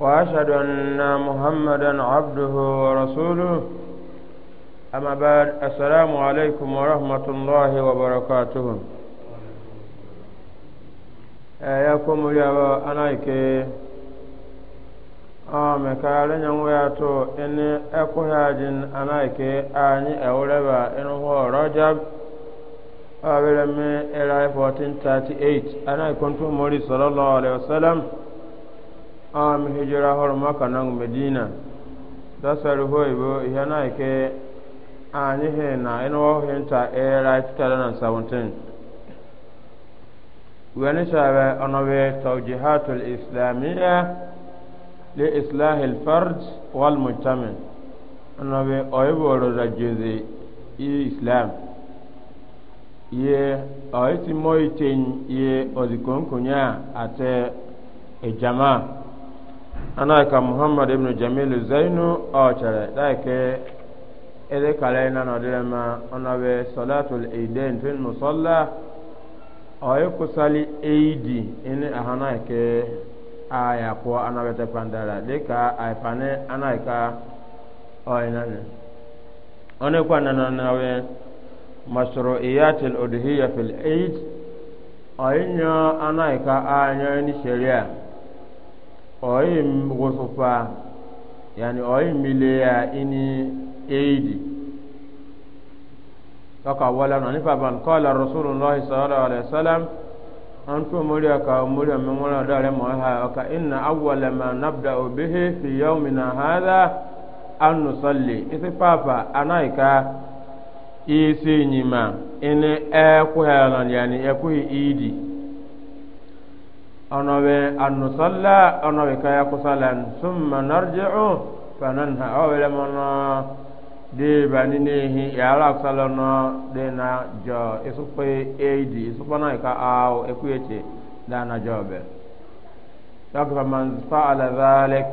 وأشهد أن محمدا عبده ورسوله أما بعد السلام عليكم ورحمة الله وبركاته أيكم يا أنايك ame kaara nyanwu ya to ini ekuhajin anaike anyi ewureba inu ho rajab abirami era 1438 anaikun tumori sallallahu alaihi wasallam am hijira hor maka na medina da sar hoy bo yana ke anyi he na eno ho hinta era e tara na 17 wani shabe onobe tawjihatul islamiyya li islah al fard wal mujtama onobe oyiboro da jeze islam ye oyiti moiten ye odikonkun ya ate e Jamaa. ana ka muhammad ibn jamil zainu ọchara daike ede kala ina na dire ma ona be salatul eidain fil musalla oyi kusali eidi ini ahana ke aya ko ana be pandara dika aifane ana ka oyina ne ona kwa na na we mashru'iyatil udhiyya fil eid oyinya ana ka anya ni sharia oyim gusufa yani oyim mileya ini eidi toka wala na nifa ban qala rasulullah sallallahu alaihi wasallam an to muriya ka muriya min wala dare mu ha ka inna awwala ma nabda'u bihi fi yawmina hadha an nusalli isi papa anaika isi nyima ene ekwe yani ekwe ono be annu salla ono be kaya kusalan summa narji'u fananha awele mono de baninihi ya ala kusalono de na jo isukpe eidi isukpana ika aw ekuyece da na jobe dak faman fa'ala dhalik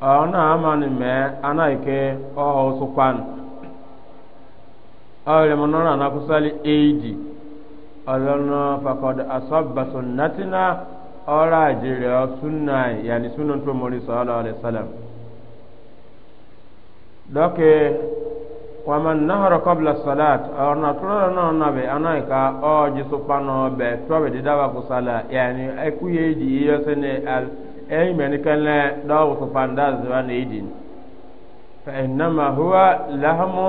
ona amani me ana ike oho usukpan awele mono na kusali eidi ọlọ́nà fakọ̀d asọ́ba sunnatina ọ̀rọ̀ àjèrè sunna yàní sunna tó mọ̀rí sọ́ọ́lọ́ alẹ́ sálàm. dọ́kẹ́ wàmán nahara kọ́bla salat ọ̀nà tọ́lọ́ náà nàbẹ̀ anáyíká ọ̀ọ́jì sọ́pánà ọbẹ̀ tọ́bẹ̀ dídáwà kó sálà yàní ẹkú yẹ jì yíyọ sẹ́ni ẹ̀yìn mẹ́nikẹ́lẹ́ dọ́wọ́ ní huwa lahamu.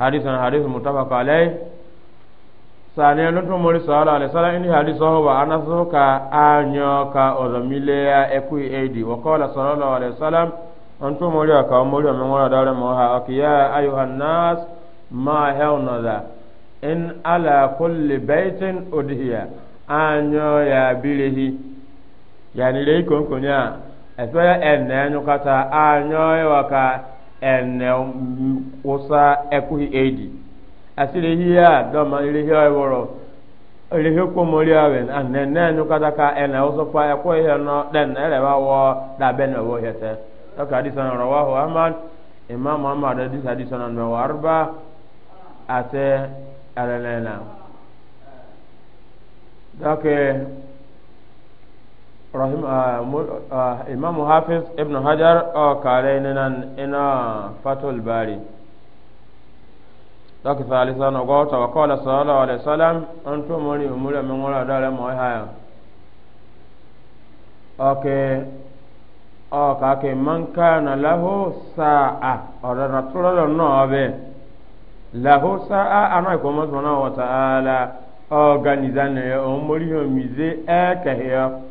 حديث حديث متفق عليه ثانيا نتو مولى صلى الله عليه وسلم إن حديث هو أنا سوكا أنيو كا أزميليا إكوي أيدي وقال صلى الله عليه وسلم أنتم مولى كا مولى من ولا دار موها أكيا أيها الناس ما هون ذا إن على كل بيت أدهيا أنيو يا بليه يعني ليكون كنيا أسوأ أن نيو كتا أنيو وكا ene usa ekuhi eidi asiri ihe a dọma ihe ọwụrụ ihe kwomori ọwụrụ ane ne nyukata ka ene usopa ekwe ihe nọ den eleba wọ dabe na owo hete dọka adisa na rọwa hụ ahmad imam muhammad adisa adisa na nọwa arba ate alelena dọka rahim uh, uh, imam hafiz ibn hajar o uh, kare ni nan ina fatul bari dɔk thalitha no go to qala sallallahu alaihi wasallam antu mori umura min wala dare mo haya okay o ka ke man kana lahu sa'a ora rasulullah no be lahu sa'a ana ko mo subhanahu wa ta'ala o ganizane o mori o mize e kahiya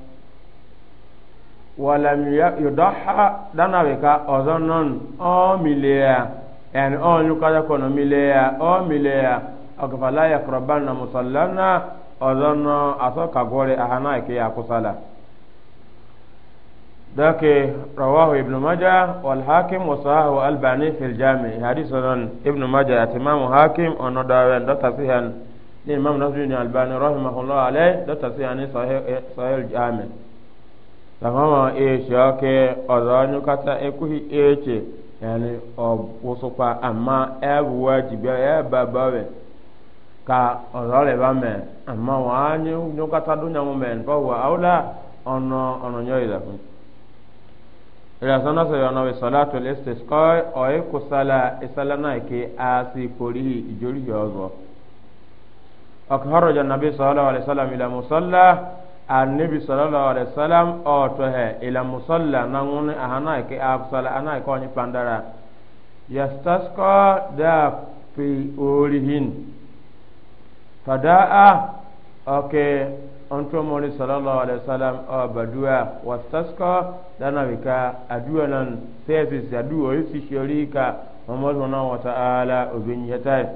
walam yudaha dana weka ozonon o milea yani o nyukada kono milea o milea akafala yakrobanna musallana ozono aso kagore ahana ke ya kusala dake rawahu ibnu maja wal hakim wa sahahu albani fil jami hadithun ibnu maja atimamu hakim ono dawen dota sihan ni imam nasruddin albani rahimahullah alayh dota sihan sahih eh, sahih al jami lamama eesha ke ọzọ kata ekuhi eche yani ọwụsụkwa ama ebe wajibia ebe bawe ka ọzọ leba me ama wanye nyukata dunya me nfa wa aula ọnụ ọnụ nyọ idafu ìrẹsán náà sọ̀rọ̀ ọ̀nà ìsọ̀látò lẹ́sẹ̀ kọ́ ọ̀ẹ́ kò sálà ìsálà náà ké a sì forí ìjórí nabi ọ̀kẹ́ ọ̀rọ̀ jẹ́ nàbí sọ̀rọ̀ annabi sallallahu alaihi wasallam o to he ila musalla nangun ahana ke absala ana ko ni pandara yastasqa da fi orihin fadaa oke onto mori sallallahu alaihi wasallam o badua wastasqa dana bika adua nan tesis adua yisi shirika Muhammad wa ta'ala ubinyata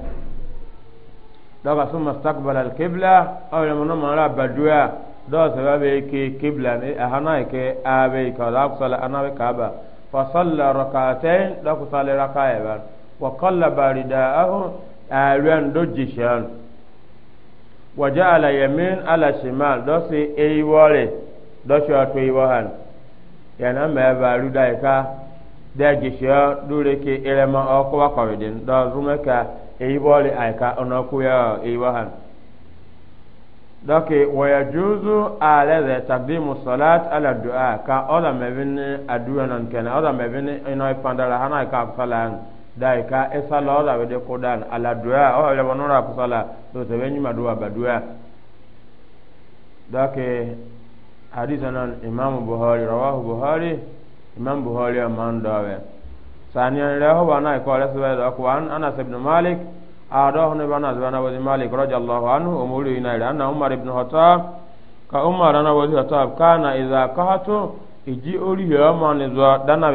daga summa staqbala al-qibla aw lamma mara badua dɔw sɛbɛ bɛ ke kibla ni a hana ke a bɛ ka da kusala ana bɛ ka ba fa salla rakatɛn da kusale raka yɛ ba wa kalla barida ahu a rɛn do jishan wa ja ala yamin ala shimal dɔ se eyi wɔre dɔ sɔ to yi wɔhan yana mɛ baaru da yi ka da jishan dure ke irema ɔkɔ wa kɔbi din dɔ zume ka eyi wɔre ayi ka ɔnɔ kuya eyi donc wayajuzu ala da taqdimu salat ala du'a ka oda mebin adu'a nan kana oda mebin ino pandala hana ka salan dai ka esala oda be ko dan ala du'a o le bonora ko sala to te benyi madua badua donc hadith nan imam buhari rawahu buhari imam buhari man dawe saniyan rawahu ana ko rasul wa an anas ibn malik ado ne bana zana wazi malik radiyallahu anhu umuri ina anna umar ibn khattab ka umar ana wazi khattab kana idza qahatu iji ori ya ma dana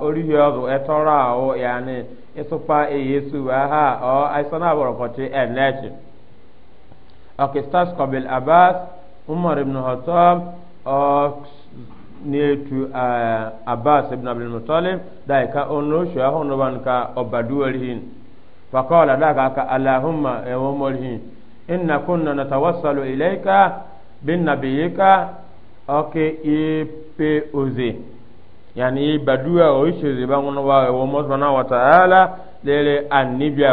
ori ya zo etora o yani isupa e yesu o aisana akistas abbas umar ibn khattab abbas ibn abdul dai ka ono shu ahon ban ka فقال لك اللهم يومله إن كنا نتوصل إليك بالنبيك أوكي إيبي أوزي يعني يبدو أويشي زبان ومو سبحانه وتعالى ليلي النبي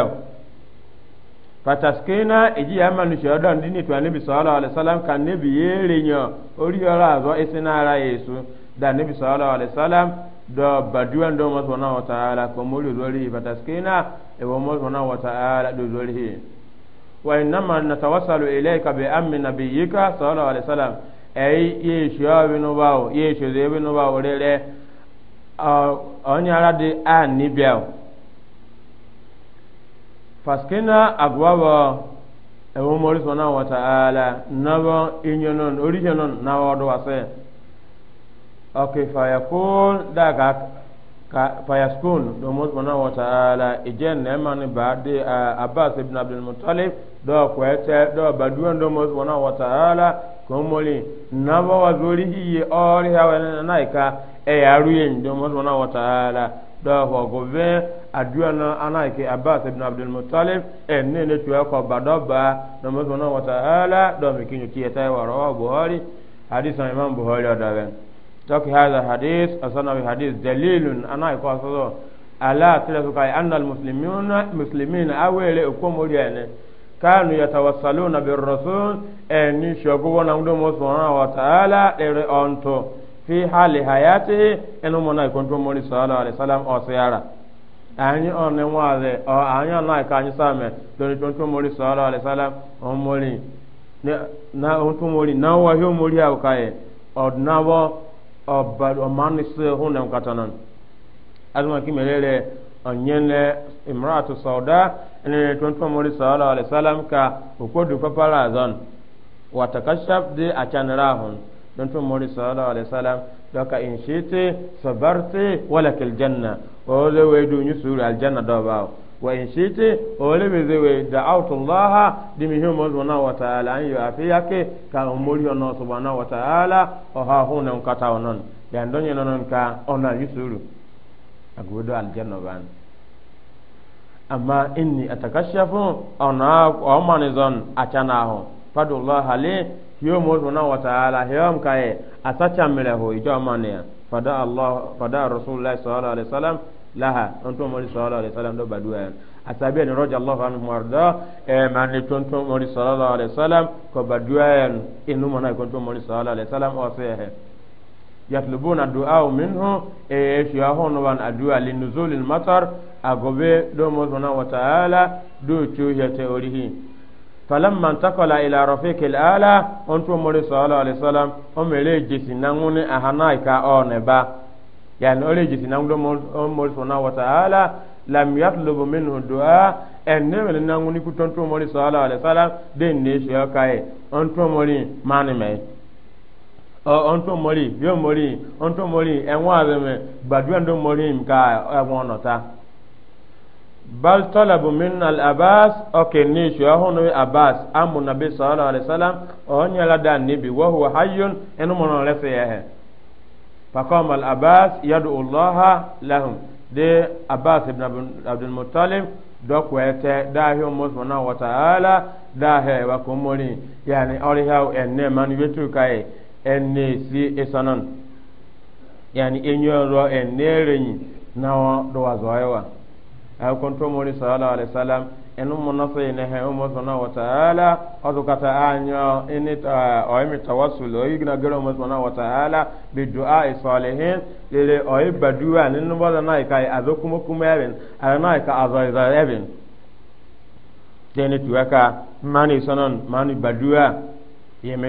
fataskina eji ya manu shi ọdọ ndị nitu anibi sallallahu alaihi wasallam ka nebi yere nyo ori ọrọ azọ isi n'ara yesu da nebi sallallahu alaihi wasallam dọ baduwa ndo mọsọ na ọtaala kọmọlù lórí fataskina ewo mo subhanahu wa ta'ala do zolhi wa innama natawassalu ilayka bi ammi nabiyyika sallallahu alaihi wasallam ay yeshu abinu bawo yeshu zebinu bawo rere onyara di ani biao faskina agwabo ewo mo subhanahu wa ta'ala nabo inyonon orijonon nawo do wase okay fa yakun daga ka fayaskun domin subhanahu wa ta'ala ijen na man ba de abbas ibn abdul muttalib do ko ete do baduan domin subhanahu wa ta'ala ko moli na ba wa zori yi ori ha wa na ka e yaru yin domin subhanahu wa ta'ala do ko go be aduan na anaike abbas ibn abdul muttalib e ne ne tuwa ko badoba domin subhanahu wa ta'ala do mi kinyo ti eta wa rawahu buhari hadith imam buhari da ben توك هذا حديث أصنع بحديث دليل أنا يقول صدق ألا تلسك أن المسلمين مسلمين أول أكم وليان كانوا يتوصلون بالرسول أن يشوفون أنهم سبحانه وتعالى أنتو في حال حياته أنهم من يكون تمولي صلى الله عليه وسلم أو سيارة أني أن نوازي أو أني أن كان يسامع دون تمولي مولي صلى الله عليه وسلم أو مولي na ohun tó mori náà wáyé mori àwòkáyé ọ̀dùnáwọ́ ọbal ọman se hunan katanan azuma ki melele onyenle imratu sauda ene tonto mori sallallahu alaihi wasallam ka okodu papara azan watakashaf de achanara hun tonto mori sallallahu alaihi wasallam doka in shite sabarti walakil janna o le wedu nyusuru aljanna do bawo wa in da autullaha dimi subhanahu wa ta'ala an yu ka umuri ono subhanahu wa ta'ala o ha huna unkata onon ya ndonye nonon ka ona yusuru agudo aljanna ban amma inni atakashafu ona o achana ho fadullaha li hiyo mo subhanahu wa ta'ala hiyo mkae asacha mleho ijo mania fada allah fada rasulullah sallallahu laha tonton mori sallallahu alaihi wasallam do badua asabi en roja allah anhu marda e eh, mani tonton mori sallallahu alaihi wasallam ko badua en inu mona ko tonton mori sallallahu alaihi wasallam o sehe yatlubuna du'a minhu e eh, shiya hono wan adua linuzulil matar agobe do mo sona wa ta'ala do chuya te orihi falamma intakala ila rafiqil ala onto mori sallallahu alaihi wasallam o mele jisi nangune ahana ka oneba yani ole jiti nangdo mol sona wa ta'ala lam yatlubu minhu du'a en ne wele nangu ni kuton to moli sala ala sala den ne shi kai on to moli mani me on to moli yo moli on to moli en wa be me gbadu en do moli mka e won nota bal talabu min al abas okay ne shi hono abas amu nabi sallallahu ala wasallam on yala dan ni bi wa huwa hayyun en mo no refe ye فقام العباس يدعو الله لهم دي عباس بن عبد المطلب دوك ويتا داهي أمو سبحانه وتعالى داهي وكمولي يعني أوليهاو أني من يتوكاي أني سي إسانان يعني إنيو رو أني ريني نوا دوازوهيوا أو كنتم صلى الله عليه وسلم enu munafe ne he umo sona wa ala odu kata anyo ini eh, oimi tawassul oyi gina gero umo sona wa ala bi du'a isalihin lele oyi badua ni no boda nai kai azokumo kuma even ala nai ka azoiza even deni tuaka mani sonon mani badua ye me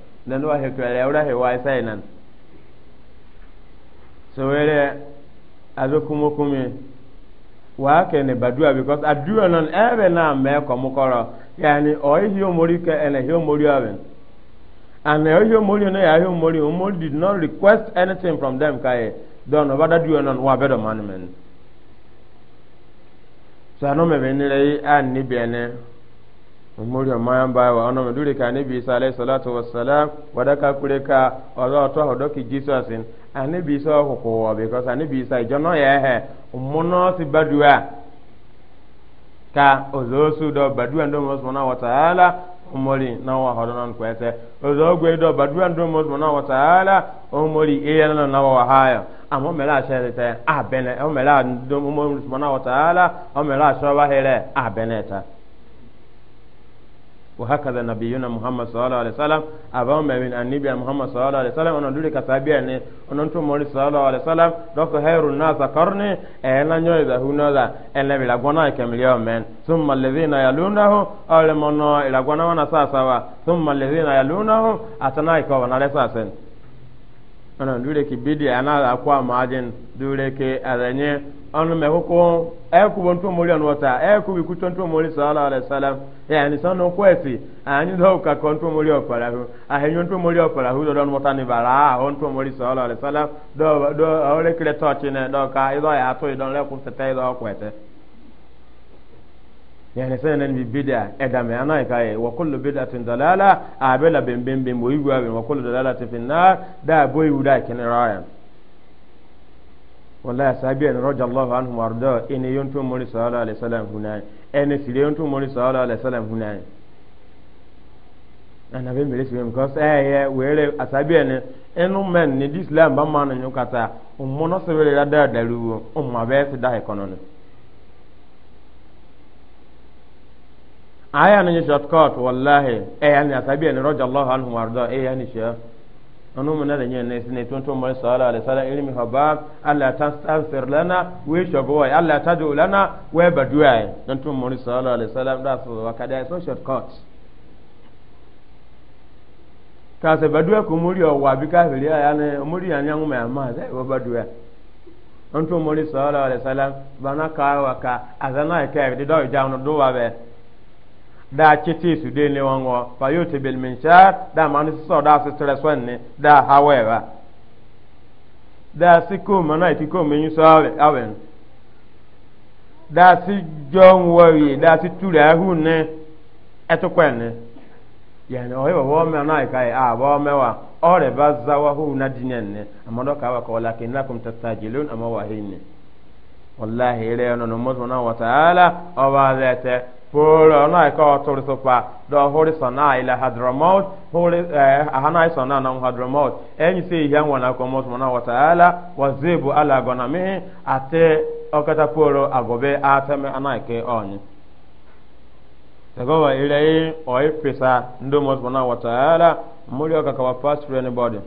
nan wa hekwere ura hewa sai nan so were azo kumo kumi wa ke ne badua because adua non ebe na me ko mukoro yani o hi omori ke ene hi omori aben and o hi omori no ya hi omori omori did not request anything from them kai don over that dua non wa bedo manmen so ano me an ni bene mori maya ba wa ono me dure ka ne bi sala salatu wassalam wada ka kure ka odo to hodo ki jesus bi so ko ko bi sa ye he si ka ozo su do badua ndo mo wa ta'ala na wa hodo non ko ese ozo gwe do badua ndo mo wa ta'ala e na wa amo mela abene o mela ndo mo wa وهكذا نبينا محمد صلى الله عليه وسلم أبو من النبي محمد صلى الله عليه وسلم أنا دولي كسابي أنا أنتم مولي صلى الله عليه وسلم دوك خير الناس قرني أنا نيوي ذا هنا ذا أنا بلا غنا كمليون من ثم الذين يلونه أول منو إلى غنا وانا ثم الذين يلونه أتنايكوا وانا لساسن ana dure ki bidi ana akwa majin dure ke azanye anu me eku e ku bonto mori bụ e ku bi mori ya ni sanu kwesi ka konto mori opara hu a he nyonto mori opara hu do don wata ni bara onto mori do do do ka ya to le ku kwete yani sai nan bi bida eda me ana ka e wa kullu bid'atin dalala abela ben ben ben boyi wa ben wa kullu dalalatin fi nar da boyi uda kin raya wallahi sabiyan radiyallahu anhum warda in yuntu muri sallallahu alaihi wasallam hunan en sire yuntu muri sallallahu alaihi wasallam hunan ana ben bere sire because eh eh were asabiyan enu men ni islam ba man nyukata ummono sebere da da daruwo umma be se da ekonomi aya na ni shortcut wallahi e eh, ya ni asabi ni roja allah anhu warda e eh, ya ni sha anu mun da nyen ne sine tun tun mai sala ala sala ilmi habab alla tastaghfir lana we shogo wa alla tadu lana we badua dan tun mun sala ala sala da so wa kada so shortcut ka se badua ko muri o wa ka hiri ya ne muri ya nyangu ma ma da eh, wa badua an tun mun sala ala bana ka wa ka azana ka bi da o jaunu do wa be da chete su de ne wango fa yote bel minshar da manu so da se tere swanne da haweba da si ko mana ti ko menyu so awe awen da si jon wori da si tura hu ne eto kwenne yani o yo wo me na ka a wo me wa o re ba za wa hu na dinenne amado ka wa ko lakin lakum tastajilun ama wa hinne wallahi ire no no mo na wa taala o ba zete E polo na ka otori sopa do hori sona ila hadramaut hori eh ahana sona na e hadramaut enyi se ihe nwana ko mos mona wa taala wazibu ala gona mi ate okata polo agobe atame anaike e onyi tagowa ile oi pesa ndo mos mona wa taala muri okaka wa past friend body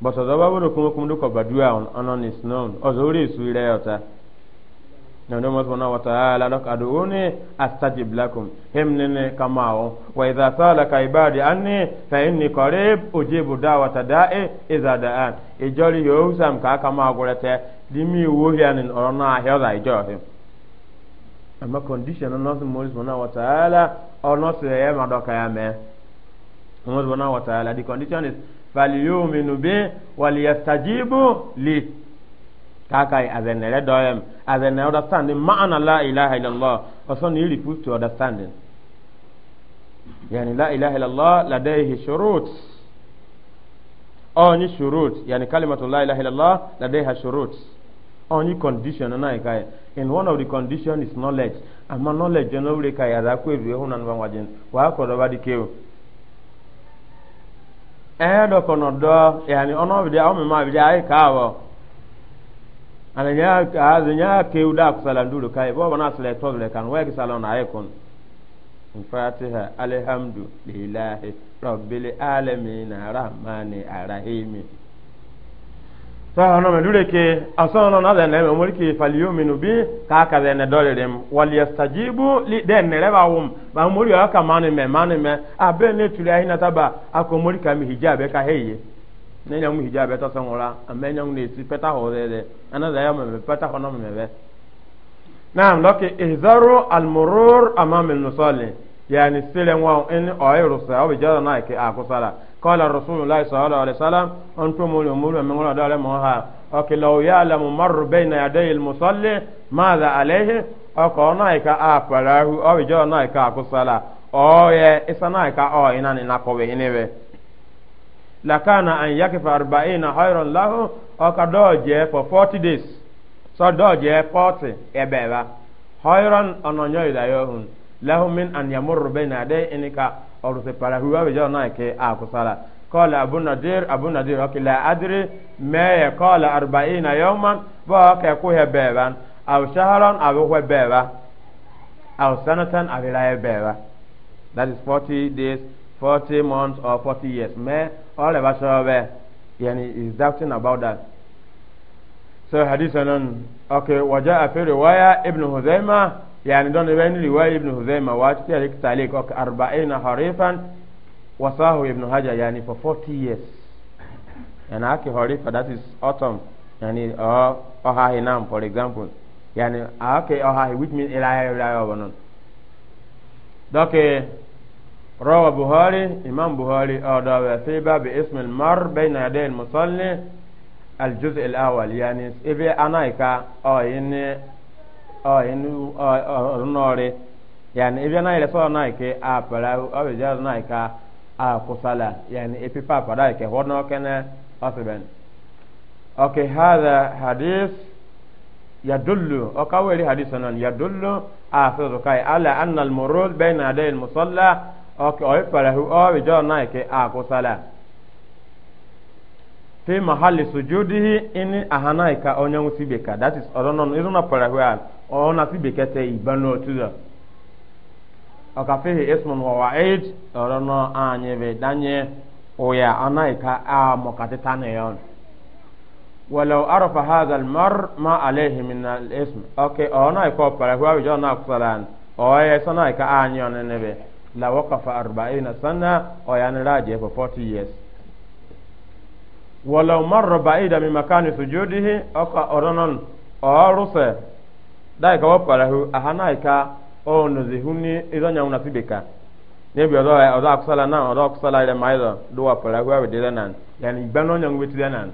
but ozoba bolo kumu kumu ko badua on on is known ozori su ile yota نعم سبحانه وتعالى لك أدعوني أستجب لكم همنني كما وإذا سألك عبادي أني فإني قريب أجيب دعوة داء إذا دعان إجولي يوسم كما قلت لمي وهيان أرنا هذا إجولي أما condition الناس مولى سبحانه وتعالى الناس يما دوكا يما سبحانه وتعالى the condition is فليؤمنوا بي وليستجيبوا لي kakai azenere doyem azenere understanding ma'ana la ilaha illallah also ni refuse to understanding yani la ilaha illallah ladaihi shurut oni shurut yani kalimatu la ilaha illallah ladaiha shurut only condition na kai in one of the condition is knowledge ama knowledge no re kai ada ko edu ehun anu wajin wa ko do ba dikeu eh do kono do yani ono bi de o mi ma bi de ai kawo ana nya azi nya ke uda kusala nduru kai bo bana sala to bele kan wa kisala na aikon fatiha alhamdu lillahi rabbil alamin arrahmani arrahim sahana me lure ke asana na den me mulki falyuminu bi ka ka den dole dem wal yastajibu li den ne reba wum ba muri aka mani me mani me abe ne tuli ahina taba akomuri kam hijabe ka heye ne nyɛ ŋun hijab ɛtɔ sɔŋ o la a mɛ nyɛ ŋun de si pɛta hɔ dɛ dɛ ana zaya mɛmɛ pɛta hɔ na mɛmɛ bɛ. naam lɔki ihzaru almurur ama min nusɔli yaani sele ŋɔn ɛni ɔye rusa o bi jɔda naa ke a kusala kɔla rasulilahi sɔɔla alayhi salam ɔn tó mɔlu mɔlu mɛ ŋɔlɔ dɔle mɔ ha ɔki lɔw yaala mu maru bɛyi na yadɛ yel musɔli maada alehi ɔkɔ naa ka a parahu o bi jɔda naa ke a kusala ɔɔyɛ isa naa ka ɔɔ ina ni nakɔbi hini bɛ lakana an yakifa arba'ina khairan lahu aka doje for 40 days so doje 40 ebeba khairan ononyo idayohun lahu min an yamurru baina dai inika oruse para huwa be jona ke akusala qala abu nadir abu nadir okay la adri ma qala arba'ina yawman ba ka ku hebeban aw shahran aw hebeba aw sanatan aw la hebeba that is 40 days 40 months or 40 years me all of us are yani is doubting about that so hadith anan okay waja fi riwaya ibn huzaima yani don even riwaya ibn huzaima wa ta talik okay 40 harifan wasahu ibn hajar yani for 40 years and aki harifa that is autumn yani oh oh oha nam for example yani okay oha which means ila ila obanon Okay. روى بخاري إمام بخاري أدى وسيبة باسم المر بين يدي المصلي الجزء الأول يعني إبي أنايكا أو إن أو إن أو نوري يعني إبي أنايكا سو نايكي أبلا أو جاز نايكا أكسلا يعني إبي بابا نايكا هو نوكنا أصبن أوكي هذا حديث يدل أو كاولي حديثنا يدل أفضل كاي على أن المرور بين يدي المصلى ok oyi palahu obi jo na ke aku sala fi mahali dihi ini ahana ka onye nwu ka, that is odono no iruna palahu an ah, ona sibeka te ibano tuza oka fihi ismun wa wa'id odono anye be danye oya anaika a mokatita ne yon ولو عرف هذا المر ما عليه من الاسم اوكي اونا يكو palahu obi jo na aku sala oye sona ka la waqafa arba'ina sana oyan raje for 40 years walau marra ba'ida min makani sujudihi aka oronon oruse dai ka wapalahu ahana ika onu zihuni izonya unasibika nebi odo odo akusala na odo akusala ile maido do wapalahu awe dile nan yani igbano nyangu betile nan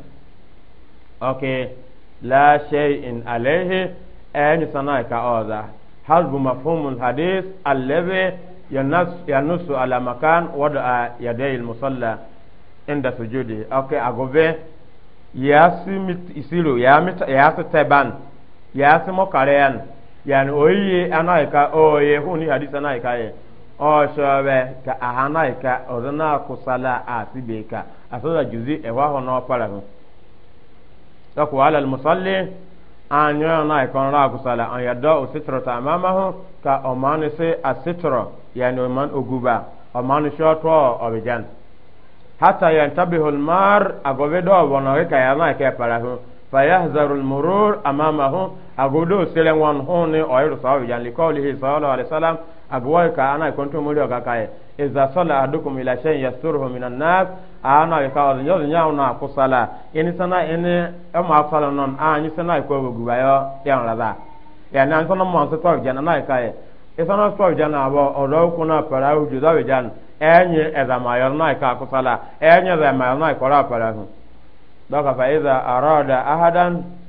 okay la shay'in alayhi ayni sana ika oza hasbu mafhumul hadith alladhi yanusu ala makan wada a yadai musalla inda sujudi ok agobe ya si mit isiru ya mit ya si teban ya si mokareyan yani oyi anaika oye huni hadisa anaika ye o shobe ka ahanaika odana kusala asibeka asoda juzi ewa hono para hu tak wala al musalli anyo na ikon ra kusala an yadda o sitro ta mamahu ka o manu se a sitro yani o man oguba o manu shoto o bijan hatta yantabihu almar agobe do wono ka ya na ke parahu fa yahzaru almurur amamahu agodo sele won hone o yiru sa o bijan ana ikon muri o iza sala ahadukum ila shay'in yasturuhu minan nas ana ka wal yol nyaaw na ku sala ini sana ini ma sala non anyi sana ko gugu bayo yan ya nan sana na ka e sana tok jana abo na para u ju na ka ku sala na ko fa iza ahadan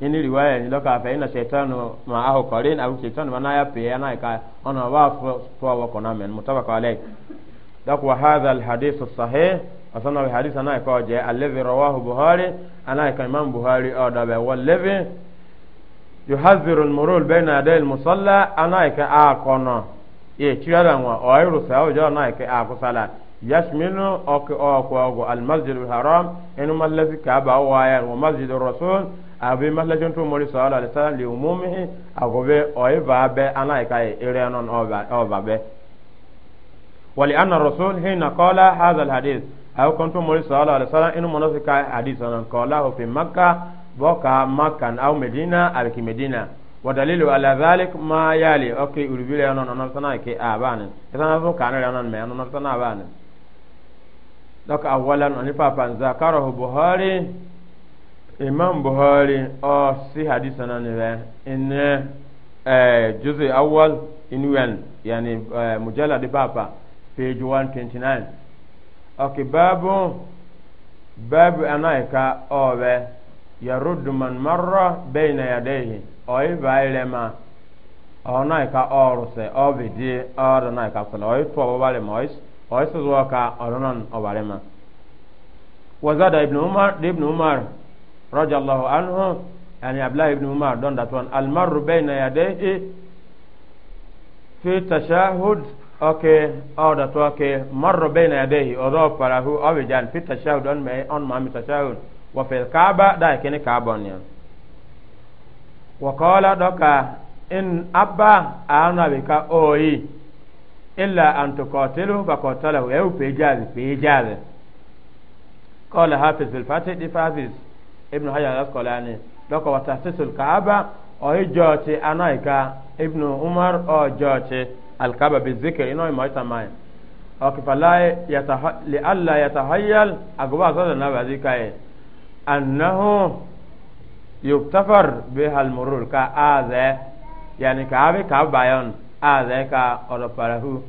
yini riwaya ni loka fa ina shaytanu ma ahu qarin au shaytanu ma naya pe ana ka ona wa fo wa kona men mutabaqa alayh dak wa hadha al hadith as sahih asana wa hadith ana ka je alladhi rawahu buhari ana ka imam buhari o da be wallabi yuhadhiru al murul bayna yaday al musalla ana ka a kono ye kirada wa o ayru sa o jo ana ka a ko sala yashminu o ko o ko al masjid al haram inu mallazi ka ba wa ya wa masjid ar rasul abe masalacin tun mori sallallahu alaihi wasallam le umumihi agobe oye ba be ana ka ire e non oba be wali anna rasul hina qala hadha al hadith aw kuntum mori sallallahu alaihi wasallam inu munafika hadith an qala fi makkah boka makkan aw medina al ki medina wa dalilu ala dhalik ma yali okay urbile non non sana ke abane sana so kanere non me non sana abane donc awalan on ifa pan zakarahu buhari imam buhari ọ si hadisa na nire ine eh, juzi awal inuwen yani eh, mujalla di papa page 129 ok babu babu anaika ọbẹ yaruddu man marra bayna yadayhi oyi baile ma ọnaika ọrụsị ọbị di ọrụ naika sọla oyi tụọ ọbara ma oyi sọzọ ka ọrụ nọ ọbara ma wazada ibn umar ibn umar rajallahu anhu yani abdullahi ibn umar don that one al marru bayna yadayhi fi tashahhud okay aw oh, that okay marru bayna yadayhi odo parahu aw jan fi tashahhud on may on ma mi tashahhud wa fil kaaba da kene kaaba ne wa qala doka in abba ana bi ka oyi illa an tuqatilu fa qatalahu yaw pejazi pejazi qala hafiz fil fatih di hafiz ibnu hajar al-asqalani dɔkɔ wa tahsisul kaaba ɔyi jɔɔti anayika ibnu umar ɔ jɔɔti alkaaba bi zikiri ino ima ita mai ɔkifalai li alla yatahayyal agoba asɔsɔ na ba zika ye annahu yuktafar biha almurur ka aazɛ yani kaabi kaaba bayon ka ɔlɔparahu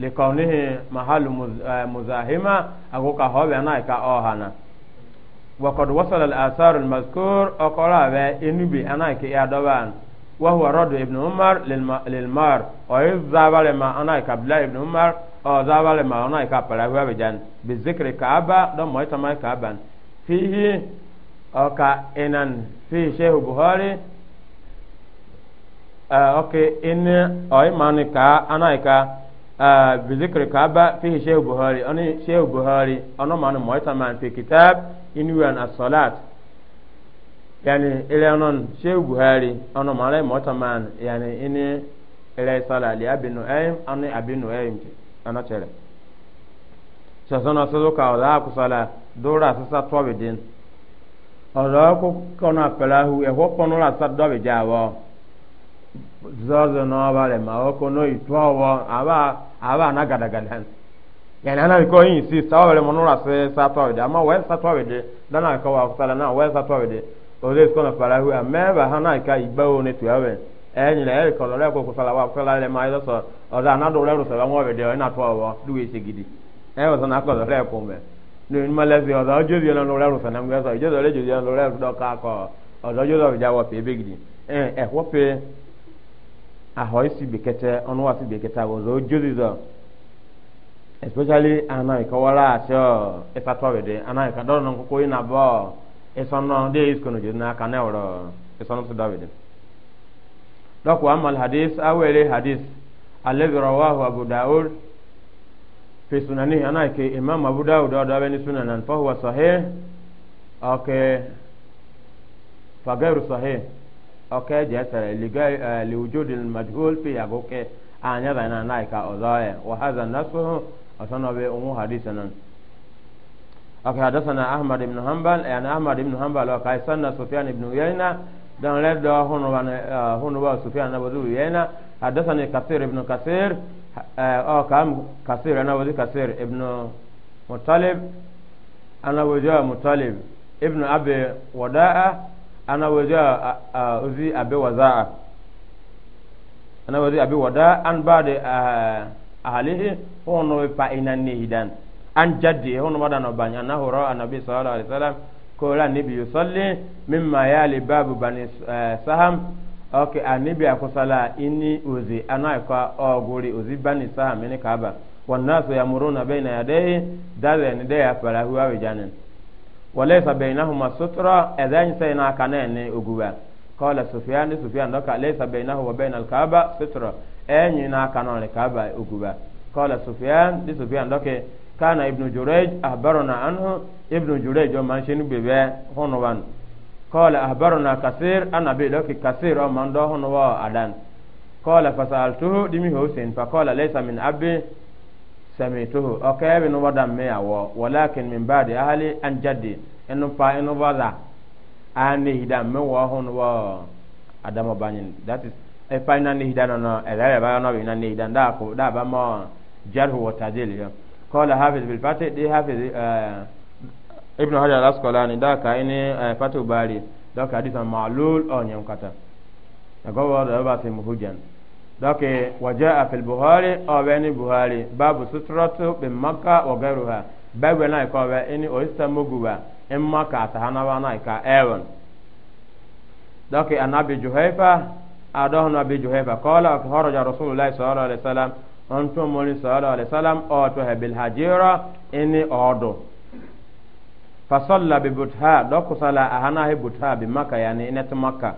likɔnihi mahalu eh, muzahima ago hɔbi anayika ɔhana. وقد وصل الآثار المذكور أقرأ إنبي أنا كي أدوان وهو رد ابن عمر للمار وإذ زابل ما أنا كبلا ابن عمر أو زابل ما أنا كبلا هو بجان بذكر كعبة دم ميت ما كعبا فيه أوكا إنن فيه شيخ بخاري أوكي إن أي مانكا أنا كا بذكر كعبة فيه شيخ بخاري أنا شيخ بخاري أنا مان ميت في كتاب inuwan asalat yani ilanon shehu buhari ono malai motaman yani ini ilai sala li abi nu'aym ani abi nu'aym ana chere sasana sozo ka ola ku sala dora sasa tobe din ola ku kona pelahu e ho pono la sa dobe jawo zozo no bale ma o kono itwawo aba aba na gadagadan yani ana ko yin si sawa le monura se satwa de ama we satwa de dana ko wa sala na we satwa de o le ko na para hu ama ba hana ka iba o ne tuawe enyi le ko le ko sala wa sala le mai so o da na do le so wa we de na to wa du we se gidi e o na ko le ko me ni ma le se o da jo di na no le so na ngwa so jo le jo di na no le do ka ko o do jo do ja wa pe be gidi eh eh wo pe a ho isi bekete onu wa si bekete wo zo jo di zo especially ana ka wala sho isa tobe de ana ka don non ko ina ba isa no de is kono jina ka ne woro isa no david amal hadis awele hadis alladhi rawahu abu daud fi sunanihi ana ke imam abu daud da ba ni sunanan fa huwa sahih okay fa gairu sahih okay jasara li wujud al fi abuke anya bana na ka ozaye wa hadha nasuhu أصنع بأمو حديثنا أكي حدثنا أحمد بن حنبل يعني أحمد بن حنبل وكي سنة سفيان بن عيينة دان لد هنو سفيان نبذو عيينة حدثني كثير بن كثير أو كام كثير أنا وزي كثير ابن مطلب أنا وجاء مطلب ابن أبي وداء أنا وجاء أزي أبي وزاء أنا وزي أبي وداء عن بعد أهله hono pa ina ne idan an jaddi hono madan no banya na horo annabi sallallahu alaihi wasallam ko la nabi yusalli mimma yali babu bani eh, saham okay annabi akusala inni uzi ana ka oguri uzi bani saham ne kaba والناس يمرون بين يديه دلن دي فله وجنن وليس بينهما سترة إذن سينا كنين أجوبا قال سفيان سفيان لك ليس بينه وبين الكعبة سترة أين ينا كنون الكعبة أجوبا قال سفيان دي سفيان لك كان ابن جريج أخبرنا عنه ابن جريج ومن شنو ببا هنوان قال أخبرنا كثير أنا بلوك كثير ومن دو هنوا أدان قال فسألته دمي حسين فقال ليس من أبي سمعته أوكي ابن ودم ميا ولكن من بعد أهلي أن جدي إنه فا إنه وضع أني هدام موا هنوا أدام بانين that is efa na ni hidana no elele ba no ina ni hidan ko da ba ma jarhu wa tadil yo qala hafiz bil fatih di hafiz ibn hajar asqalani da ka ini fatu bari da ka hadithan ma'lul on yam kata ago wa da ba sai muhujan da ke waja fil buhari aw bani buhari babu sutratu bi makka wa gairuha ko ba ini o istamuguba in makka ta hanawa na ka ewan da ke adohon abi juhayfa qala kharaja rasulullah sallallahu alaihi wasallam antu muli sallallahu alaihi wasallam o to habil hajira inni odo fasalla bi butha doku sala ahana he butha bi makka yani inat makka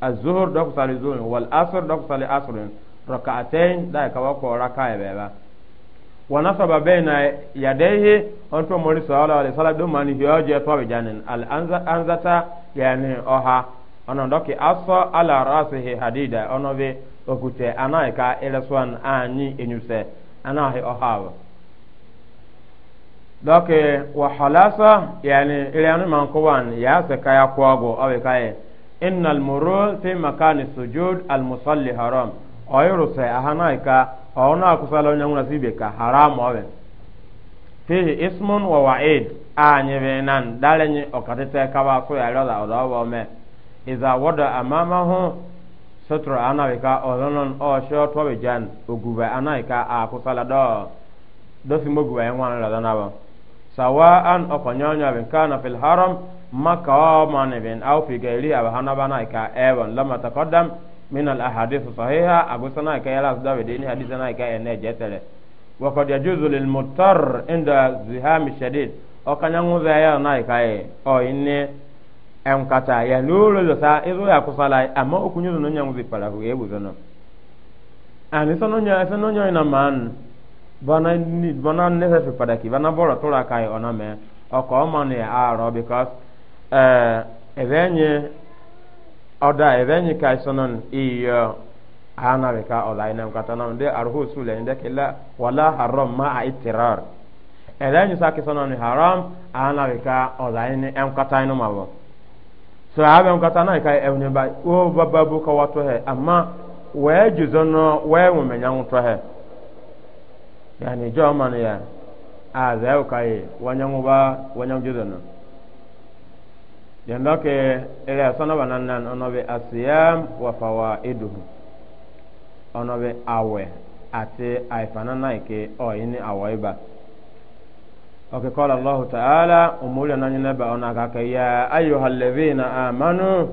az-zuhr doku sala zuhr wal asr doku sala asr rak'atayn da ka wa ko raka'a beba wa nasaba baina yadayhi antu muli sallallahu alaihi wasallam do mani hiyaje to bi janin al anzata yani oha ono doki asa ala rasihi hadida ono be okute anai ka eleswan anyi enyuse anahi ohawa doki wa halasa yani ilanu mankuwan ya se kaya kwago awe kaye inna almurul fi makani sujud almusalli haram oyiruse ahanai ka ona akusala onyanguna sibe ka haram awe fihi ismun wa wa'id anyi benan dalenyi okatete kaba so ya lola odawo me iza wada amama amamahu sotra anawika olonon osho tobe jan oguba anawika akusala do do si dosi moguba yanwana la danaba an okonyonya bin kana fil haram maka o manibin au fi gairi abahana banaika ewan lama taqaddam min al ahadithu sahiha agusana ka yala dawe de ni hadisa na ka ene jetele wa qad yajuzu lil muttar inda ziham shadid okanyangu zaya na ka e o inne enkata ya lolo lo sa izo ya kusala amma okunyo no nyangu zi pala ko ebu zono ani sono nya sono nya na man bana ni bana ne sa pada ki bana bora tola kai ona me o ko ma ne a ro because eh evenye oda evenye kai sono i ana be ka ola ina kata na de arhu sule inde kila wala haram ma itirar evenye sa ki sono ni haram ana be ka ola ina en kata ma bo so abe nkata na ka ewnye oh, ba o bu ka wato amma wee juzo no we wumenya nto he yani ya a za o ya wanya nguba wanya juzo no yanda ke ele asana banan nan ono asiyam wa ati aifana na ke o وكي قال الله تعالى أمولنا ننبع هناك يا أيها الذين آمنوا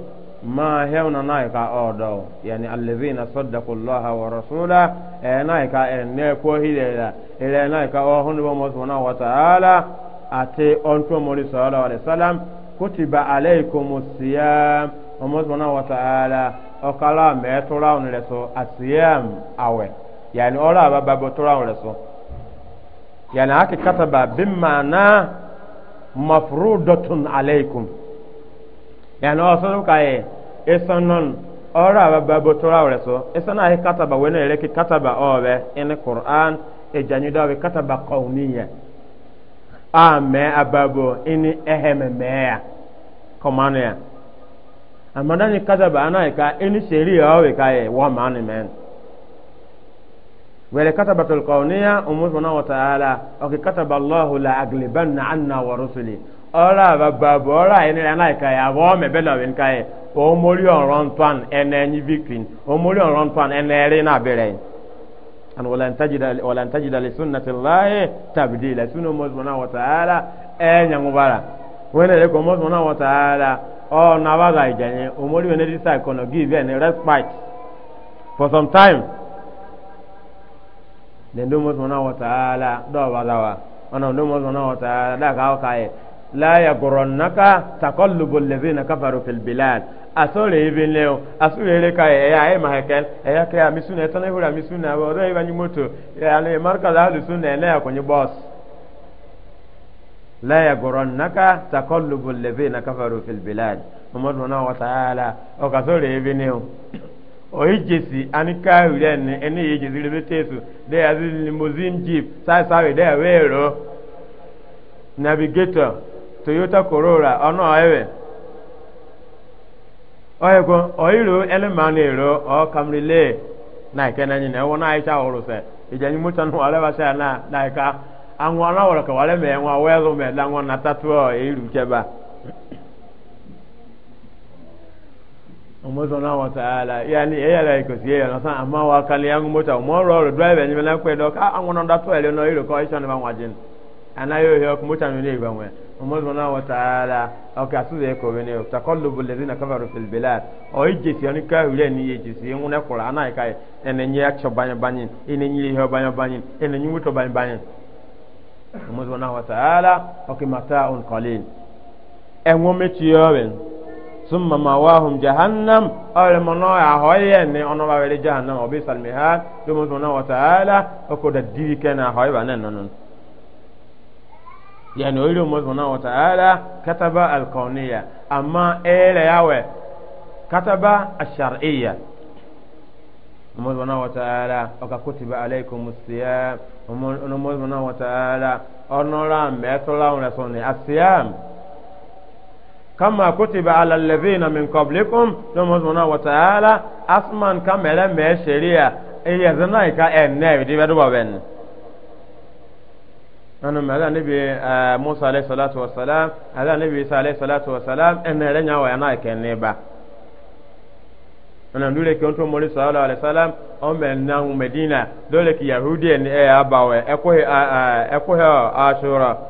ما هنا نايكا أوردو يعني الذين صدقوا الله ورسوله نايكا نيكو هيدا إلى نايكا أوهن ومسونا وتعالى أتي أنتو مولي صلى الله عليه وسلم كتب عليكم الصيام ومسونا وتعالى أقلا ميتولا ونلسو الصيام أوي يعني أولا بابا بطولا ونلسو yani ake kataba bimana mafrudatun alaikum yani ọsọ ka ye isan non ọrọ a baba bo tora wẹrẹ so isan a ye kataba wẹni ere ki kataba ọbẹ ẹni qur'an ìjànyi dọ bi kataba kọwniya a mẹ ababo ẹni ẹhẹmẹ mẹya kọmanu ya amadani kataba ana yi ka ẹni seri ọwẹ ka ye wọ́n mọ ni wele katabatul kawniya umu subhanahu wa ta'ala oke kataba allahu la aglibanna anna wa rusuli ora ba babu ora ene ana ika ya bo me on ron pan victory o on ron pan re na bere an wala tajida wala tajida li sunnati llahi tabdila sunna umu subhanahu wa ta'ala e nyangu bara wele le ko umu subhanahu wa ta'ala o na ba ga ijanye o mori wen ri sai respite for some time den do mo sona wa taala do wala wa ona do mo sona wa taala da ka ka la ya goronnaka taqallubu alladhina kafaru fil bilad asore ibin leo asore re ka e ya e ma hekel e ya ke amisuna tana hura misuna wa do e banyi moto ya le marka la lu sunna le ya kunyi boss la ya goronnaka taqallubu alladhina kafaru fil bilad mo sona wa taala oyi jesi ani kahuri ne ene ye jesi lebe tesu de limousine jeep sai sai de ya wero navigator toyota corolla ono ewe oye ko oyi ro ele ma ero o kamri lee na ke na nyina na aisha na na ka anwa na woro ka wale na ọmọdé náà wọ́n sàálà yàlí ya rẹ̀ kò na ẹ̀yà lọ́sàn àmọ́ wa ọrụ yàgùn ọrụ ọmọ ọ̀rọ̀ ọ̀rọ̀ ka ẹ̀yìn mẹ́lẹ́ pẹ́ no na ọ̀dà tó ẹ̀lẹ́ náà ìrọ̀kọ́ ẹ̀ṣọ́ ni wọ́n yo àná yóò yọ ọkọ̀ mọ́tà nílé ìgbà wọn ọmọdé náà wọ́n sàálà ọkọ̀ àtúnṣe ẹ̀kọ́ wẹ̀ ni ni ihe banyabanyin ẹ̀nà nyẹ́ wútọ̀ banyabanyin ọmọdé náà wọ́n sàálà summa mawahum jahannam awre mono ya hoye ne ono ba wele jahannam obi salmiha dum dum wa taala ko da diri kana hoye banan non yani oyiro mo wa taala kataba alkauniya amma ele yawe kataba ash-shar'iyya mo dum wa taala oka kutiba alaykum as-siyam mo dum wa taala onora metola onra sonni as-siyam kama kutiba ala alladhina min qablikum domo subhanahu wa ta'ala asman kamela me sheria iya zana ka enne di bedo baben anu mala nabi Musa alayhi salatu wa salam ala nabi Isa alayhi salatu wa salam enne renya wa yana ke ne ba ana dole ke onto mori sallallahu alayhi salam o men na Medina dole ki yahudi en e abawe ekohe ekohe ashura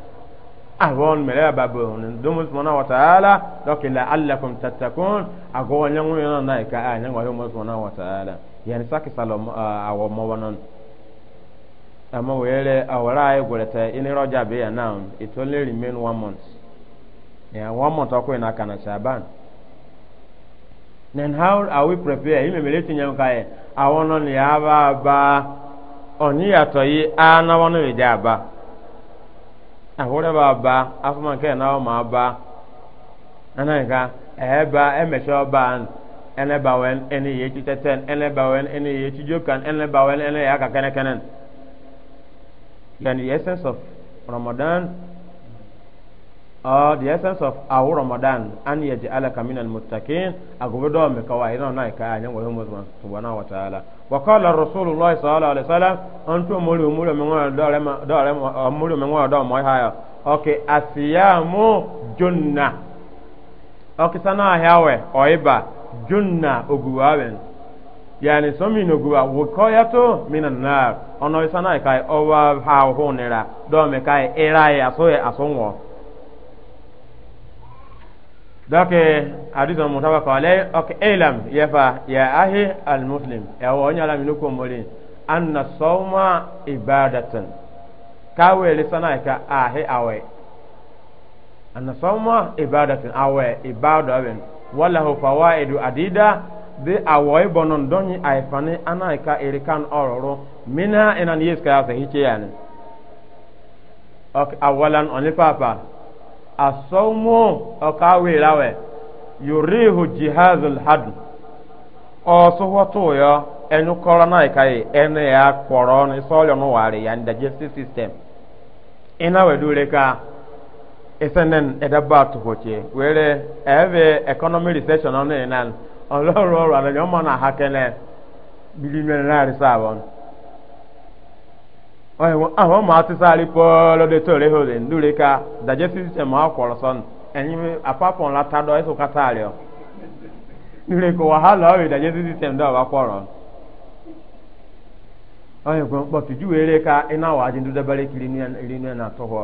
ahon mele babon domus mona wa taala doki la allakum tattakun ago nyangu yana na ka a nyangu wa domus mona wa taala yani saki salom awo mo wonon ama wele awara ay goleta ini roja be ya now it only remain one month yeah one month akoy na kana shaban then how are we prepared ime mele tinyan kai awon on ya ba ba oni yatoyi anawono le jaba ahore ba ba afuma nke na ma ba ana ka eba emesho ba ene ba wen ene ye chi teten ene ba wen ene ye chi jokan ene ba wen ene ya ka kene kenen then the essence of ramadan or the essence of our ramadan an yaj'alaka minal muttaqin agobodo me kawai na na ka anya wa humu subhanahu wa ta'ala wakala rasulullah sallallahu alaihi wasallam antu muri umuri mengwa dore ma dore umuri mengwa do moy haya okay asiyamu junna okay sana hawe oiba junna oguwawen yani somi no guwa wukoyato minan nar ono sana kai owa ha ho nera do me kai era ya so e dɔke hadisa mutaba kɔlɛ ɔke elam yafa ya ahe al muslim ɛwɔ onye ala minu komori anna sɔma ibadatan kawele sana ka ahi awɛ anna sɔma ibadatan awɛ ibada wɛn wala ho edu adida bi awɔi bɔnɔn dɔnyi aifani ana ka erikan ɔrɔrɔ mina ina ni yesu ka yasa hice yani ɔke awalan ɔni papa asawmu okawirawe yurihu jihazul hadu ọsụhọtụyọ enukọrọ naikai ene ya kwọrọ n'isọlọ n'ụwarị ya digestive system inawedure ka isenen edaba tuhoche were ebe economy recession ọ na-enan ọlọrụ ọrụ adịghị ọma na ha kene bilimere narị sabon ahụ ma atịsarị pọlọ dị tore hore ndure ka digestive system ha kwọrọ sọn enyi apapọn lata dọ ịsụ katarịọ ndure ka wahala ọrịa digestive system dọ ọba kwọrọ onye gwe mkpọtụ ji were ka ị na-awa ajị ndụ dabere kiri iri nne na atọ hụọ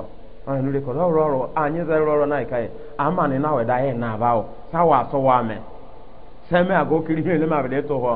onye ndure ka ọrụ ọrụ anyị zara ọrụ na ịka ya ama na ị na-aweda ahịa na aba ahụ sawa asọwa ame seme agụ kiri ihe ele ma bede tụ hụọ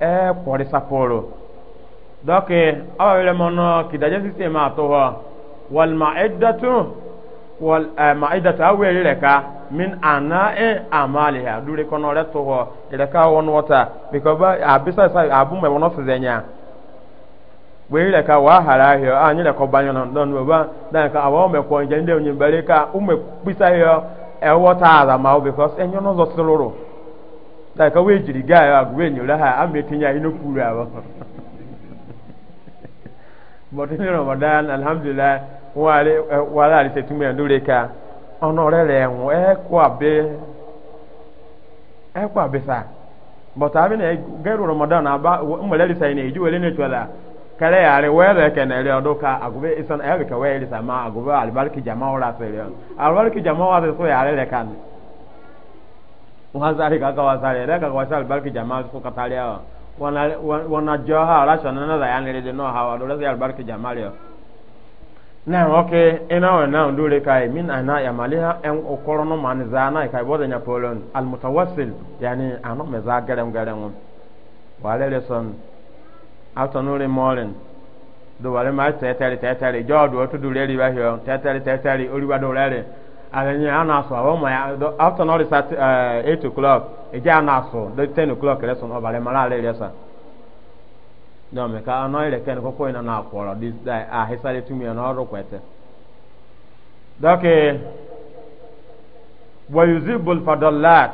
e kwori saporo doke awawele mono kidaje system atuho wal ma'idatu wal e, ma'idatu aweli reka min anae amaliha dure kono reka won abisa sa abu me wono ka wa hara hio anyi le ko banyo non don ba dan ka awo me ko nje nde pisa e wota ala ma because enyo no zo da ka wee jiri gaa ya agụba enyere ha ama etinye ahụ n'okpuru abụ bọtụ ndị ramadan alhamdulilah nwale wala alise tume ndure ka ọnụ rere enwu ekwa eh, be ekwa eh, be sa bọtụ abị na gairu ramadan aba mmele alisa na-eji wele netwala kare yare wele ke na rịọ dụka agụba isan ebe ka wee alisa ma agụba albarki jama'a ụra sịrịọ albarki jama'a ụra sịrịọ yare lekan wasari kaka wasari da kaka wasari barki jama'a su ka tare wana wana joha rasha na na ya nere de no hawa do rasari barki jama'a yo na oke ina wa na ndure kai min ana ya maliha en okoro no man za na kai boda nya polon al mutawassil yani ano me za garem garem wale leson atonure molen do wale ma tetere tetere jodo to dure ri ba hiyo tetere tetere ori ba do rere abenye ana awo ma after not at uh, o'clock eje ana aso ten 10 o'clock mara ale resa no me ka ano ile ken ko ko ina na akworo this day a hesale tumi na oru kwete doke wa yuzibul fadallat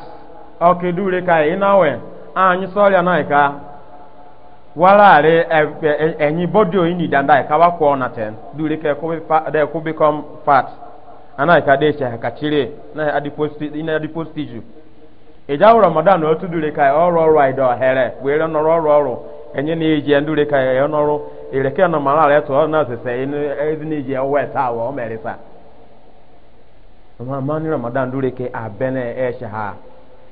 oke dure ah, ka inawe anyi sori ana ka walaare ẹyin bọdi oyin danda ẹ ọ na ten ka ana ka de cha ka chire na adiposti ina adiposti ju e jawo ramadan o tudure kai oro oro ai do here ọrụ ro no oro oro enye na eje ndure kai e no ro ireke no mara re to na se se inu ezi na eje o weta wo o mere sa ma ma ni ramadan dure ke abene e cha ha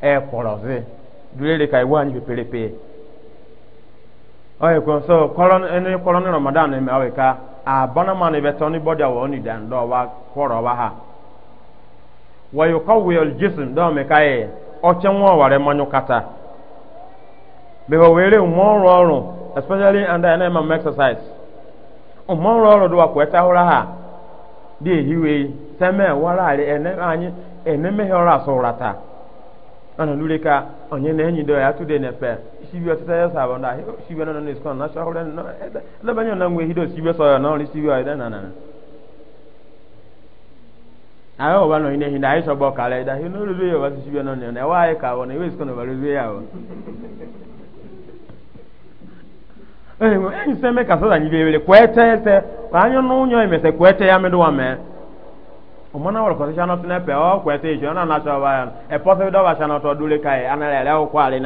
e poro ze dure kai wan ju perepe oye kon so koron enu koron ramadan me aweka abana ma ne bɛtɔ ne bɔda wɔ ne dan dɔ wa kɔrɔ wa ha wɔyɔ kɔwé ɔljisim dɔw mi ka yɛ ɔkyɛ ŋɔ wɔre mɔnyu kata bɛbɛ wɛrɛ mɔrɔrɔ especially under ɛnɛ ma exercise mɔrɔrɔ do wa kɔ ɛta hɔra ha de ehiwe sɛmɛ wɔra ari ɛnɛ anyi ɛnɛ mɛhɛ ɔra asɔrɔ ta ɔna lure ka ɔnyɛ n'enyi dɔ yɛ atu de n'ɛfɛ. sibiya tita ya saba na sibiya na na iskon na shahura na na banyo na ngwe hido sibiya so na ri sibiya ida na na ayo ba no ine hinda ayo bo kala ida hi no ruwe wa sibiya na na wa ai ka wona iwe iskon ba ruwe ya o eh mo en se me ka da ni bele kwete se anyo no nyo me se kwete ya me do wa me omwana wala kɔsi sani ɔtun ɛpɛ ɔkɔ ɛsɛ esu na sɔ ɔba yɛ ɛpɔsɛ bi dɔba sani ɔtɔ dule ka yi ana lɛ lɛ ɔkɔ ale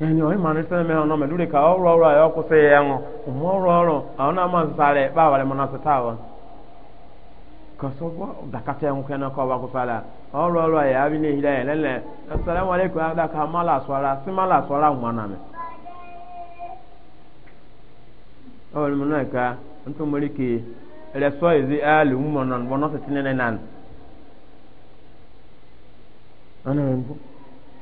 enyo ị mara isi eme ọnọ medure ka ọrụ ọrụ a ọ ọkwụsị ya ịṅụ ụmụ ọrụ ọrụ ahụ na amasị sara ekpe abalị mana sịta ahụ kasọgwa dakata ya nwoke n'ọkọ ọba kwụsara ọrụ ọrụ a ya abi n'ehiri ya lele mala si mala aswara mi ọrụ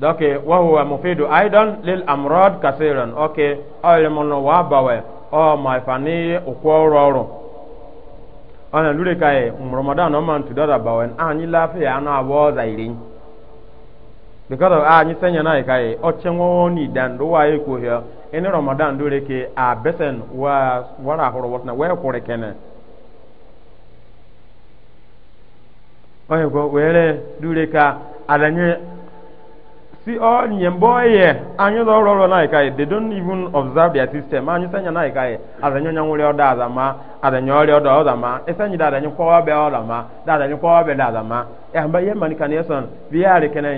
dɔke wahuwa mufidu aidan lil amrod kasiran oke ɔyɛmɔnɔ waa bawe ɔ maifani ukwɔrɔrɔ ɔna lure kaye ramadan na kaye ɔkyɛnwɔ ni dan do wa eko hɛ ɛni ramadan dure ke a bɛsɛn wa wara ahoro wɔtena wɛ kore kɛnɛ ɔyɛ ko wɛrɛ si ọ nye mbọ ihe anyị ụzọ ọrụ ọrụ naịka they don't even observe their system anyị sanya naịka ya azanye onye nwere ma ọrịa ọda ọda ma esenyi da azanye kwa ọbịa ọda ma da azanye kwa ọbịa da aza ma ya ihe mmanị ka na eson ya na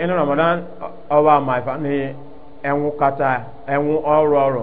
ịnụ ramadan kata ọrụ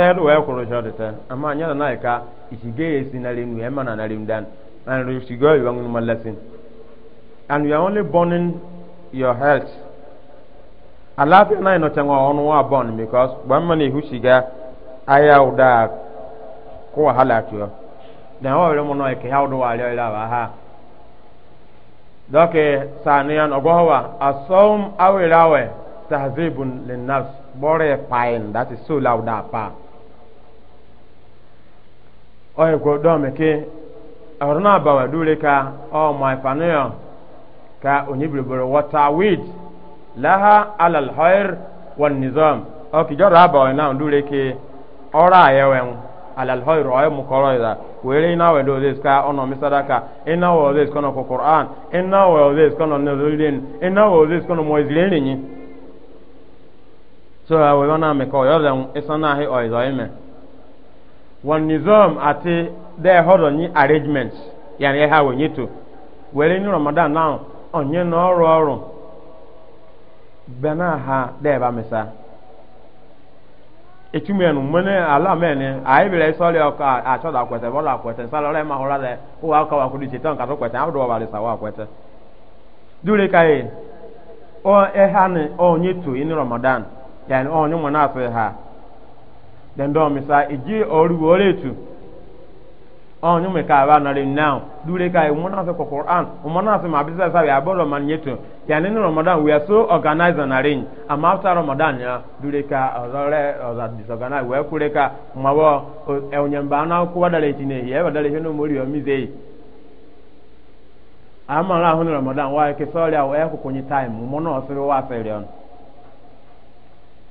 sɛd wɛ kuro sɔdi tɛ amma nyɛ na ka isige esi na lenu ɛma na na lenu dan and isige yɛ wɔn ma lesson and you are only burning your health alaafiya na yɛ nɔtɛ ŋa ɔno wa burn because wɔn ma na ihu siga ayaw daa ko wahala tuyɔ dan wɔn wɛrɛ mu na yɛ kehaw do wa alɛ yɛ wa ha dɔke saniyan ɔgɔhɔ wa asɔm awɛrɛ awɛ tahzibun linnas bɔrɛ pain dat is so loud apa. oye ko dome ke orna bawa dure ka o my panel ka onyibiri boro wata wid laha alal khair wan nizam o ki jora na dure ke ora ayewen alal khair o mu koro ida were ina we do this ka ono misadaka ina we do this kono ko qur'an ina we do this kono nizulin ina we do this kono moizlin ni so uh, we wana me ko yo dan isana hi o izaime wọn nizam ati dẹ hɔrɔ nyi arrangement yàrá yẹ ha wọ nyi to wẹrẹ ní uh, oh, eh, oh, ramadan náà ọnyẹ nà ọrọ ọrọ bẹnà ha dẹ bá mi sa etumu yẹn no mẹni alamẹni ayibirẹ sọlẹ ọkọ atsọdọ akwẹtẹ bọlọ akwẹtẹ nsọlọ ọrẹ ma họrọ alẹ kó wàá kọ wàá kudu ṣètọ nkàtọ kwẹtẹ àwọn ọdọ wà balẹ sàwọ akwẹtẹ dúró ká yìí ọ ẹ ha ni ọ nyi to yìí ní ramadan yàrá ọ nyi mọ náà sọ yìí ha. den misa iji oru woletu on oh, me ka ba na now dure ka e mona se Quran ah, mona se ma bisa sa ya bolo man yetu ya ni Ramadan we are so organized and arranged am after Ramadan ya dure ka ozore oza disorganize we kure ka mawo e onyamba na ku wadale tine ye hinu o mize amara Ramadan wa ke sori awo e ku kunyi time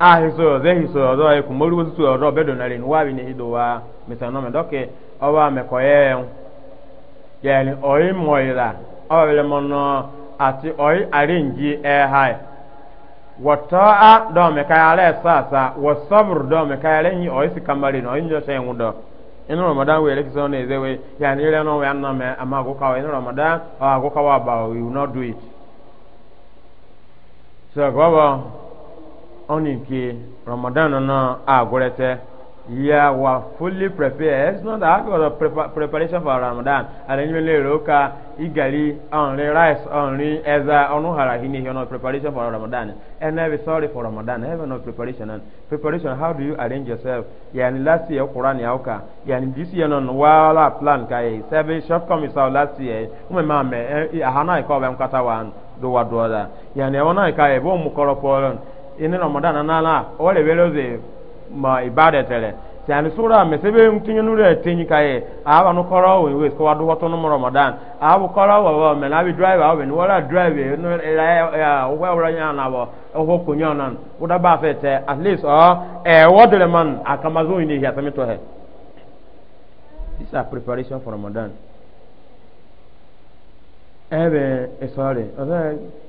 ahiso ze hiso odo e eh, kumoru wosu odo bedo na rin wabi ne hido wa misano me doke owa me koye yeli oyi moira awele mono ati oyi arinji e hai wata'a do me kayale sasa wasabr do me kayale ni oyi sikambali no injo se ngudo inu ramadan we eleki sone ezewe yani ile no we anna me amago kawa inu ramadan ago kawa ba you not do it so go only ke Ramadan no agurete ya wa fully prepared it's not that got a preparation for Ramadan and then le roka igali only rice only eza onu hara hini you know preparation for Ramadan and I be sorry for Ramadan I have no preparation and preparation how do you arrange yourself yani last year Quran ya oka yani this year no wala plan kai seven shortcomings of last year umema me eh, eh, ahana iko ba mkata wan do wa do da yani ona ka e bo mu koropolon ini ramadan nana wale wele ze ma ibada tele yani sura mesebe mtinyo nure tinyi kaye aba no koro we we so wadu wato no ramadan abu koro wa wa me na bi drive awe ni wala drive no ila ya wa wa nya na wa ho ko nya nan uda ba te at least o e wodle man akamazo ni ya tamito he this is preparation for ramadan ebe sorry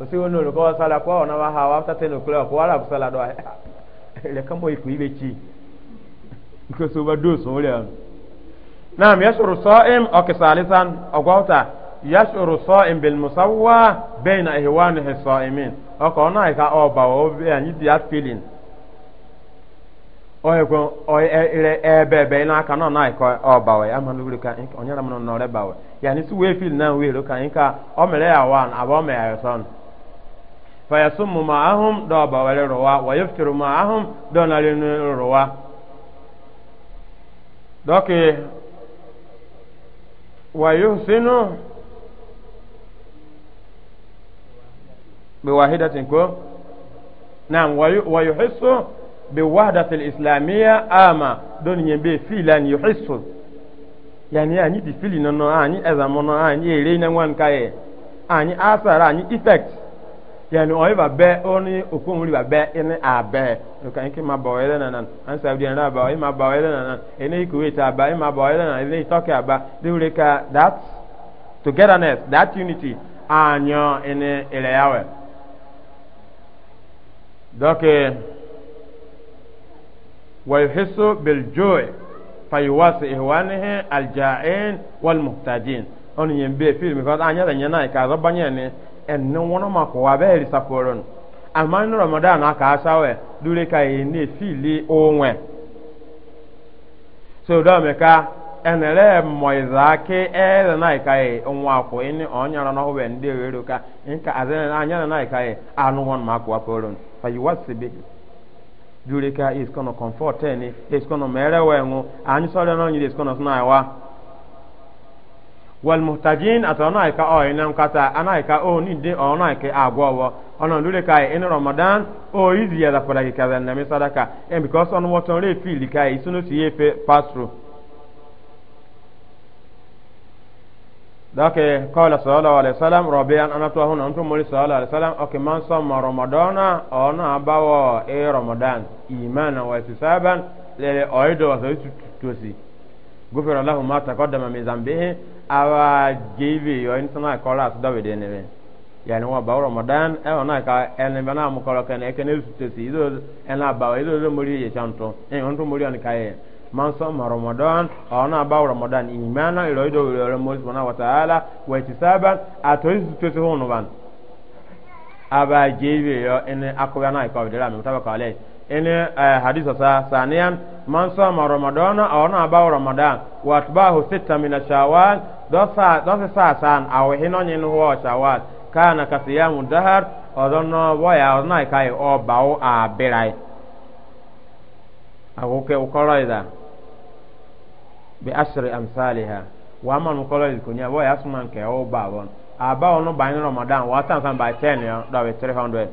usiwe nuru kwa sala kwa na wa hawa after 10 o'clock wala kusala do ile kama iku ile chi ko so ba do so le naam yashuru sa'im aw kisalisan agwata yashuru sa'im bil musawwa baina ihwanihi sa'imin o ko na ka o ba o be anyi dia feeling o ko o e, ile ebe be na ka no na ko o ba we ama lu ka onyara mo no re ba we yani si we feel na we ro ka nka o mere ya wan abo me ya son fayasummu ma'ahum do bawale rowa wa yuftiru ma'ahum do nalinu rowa doke wa yuhsinu bi wahidatin ko nam wa yuhissu bi wahdati al-islamiyya ama don nyembe filan yuhissu yani anyi di fili nono anyi ezamono anyi ere na nwan kaye anyi asara anyi effect yani oyi ba bɛ oni okunri ba bɛ ini a bɛ nka ma bɔ yɛlɛ nana an sabi yɛn ba oyi ma bɔ yɛlɛ nana ini kuwait a ba ma bɔ yɛlɛ nana ini turkey a ba ka that togetherness that unity a nyɔ ini ilẹyawɛ dɔke wayuhisu biljoy fayiwasi ihwanihi alja'in walmuhtajin oni yɛn bɛ fili mi kɔn a nyɛ la nyɛ n'a ni. en no wono ma ko wa ramadan aka asawe dure ka e ne lee onwe so do me ka enere moiza ke ele na ka e onwa ko ini onyara no hobe ndi ewero ka nka na anyara ka ma ka is kono comfort any is kono merewe ngu anyi sore is kono na wa walmuhtajin atana ika o inam kata ana ika o ni de ona ike agwowo ona lule kai in ramadan o izi ya da fara ka na mi sadaka and because on what on re feel kai e, isunu si efe pass dake qala sallallahu alaihi wasallam rabbiyan ana to hun antum muli sallallahu alaihi wasallam okay man sama Ramadan ona abawo e ramadan imana wa ihtisaban lele oido wa gufira ma taqaddama min zambihi awa jv o ni sana kola su dawe de nebe yani wa ba ramadan e eh, ona oh, ka en eh, be na mu kola ken e ken su te si do en eh, la ba ido do muri ye chanto en on to muri on ka ye man so ma ramadan ona oh, ba ramadan imana ilo do ilo mo subhanahu wa ta'ala wa itisaban ato su te si hono ban aba jv o en akoya na ka de la mi ta ba ka le ini eh, hadisa sa saniyan man sama Ramadan aw na ba ramadan wa atbahu sita min shawal do sa do sa san aw hino nyin ho shawal kana kasiyamu dahar odono boya ona kai o bawo a birai agoke ukoroida bi ashri amsalha wa man ukoroida kunya boya asman ke o bawon aba ono ba ni ramadan wa tan san ba 10 do be 300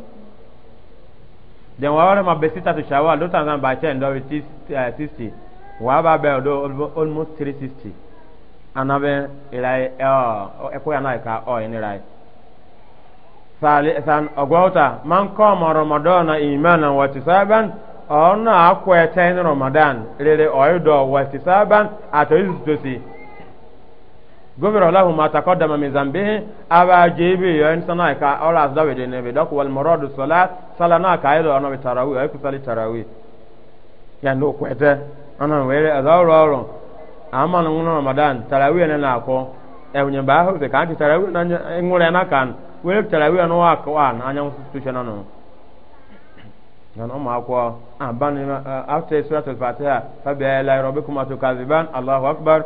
then wa wara ma be sita to shawal do tanzan ba chen do 60 wa ba be do almost three sixty. 360 anabe ilai e ko yana ka o ni rai salisan ogwota man Ramadan. kama ramadana imanan wa tisaban ona oh, akwa eten ramadan rere oido wa tisaban atoyustosi gobiro lahu ma taqaddama min zambihi aba jebe yo en sana ka ola asda we dene be dok wal muradu salat salana ka ido ono be tarawi ay ku sali tarawi ya no kwete ana were azawro oro ama no no ramadan tarawi ne na ko e unye ba ho kan ti tarawi na e ngure na kan we tarawi no wa ko an anya su tu no nan o ma ko aban ah, ah, ah, after suratul fatiha fa bi la rabbikum atukaziban allahu akbar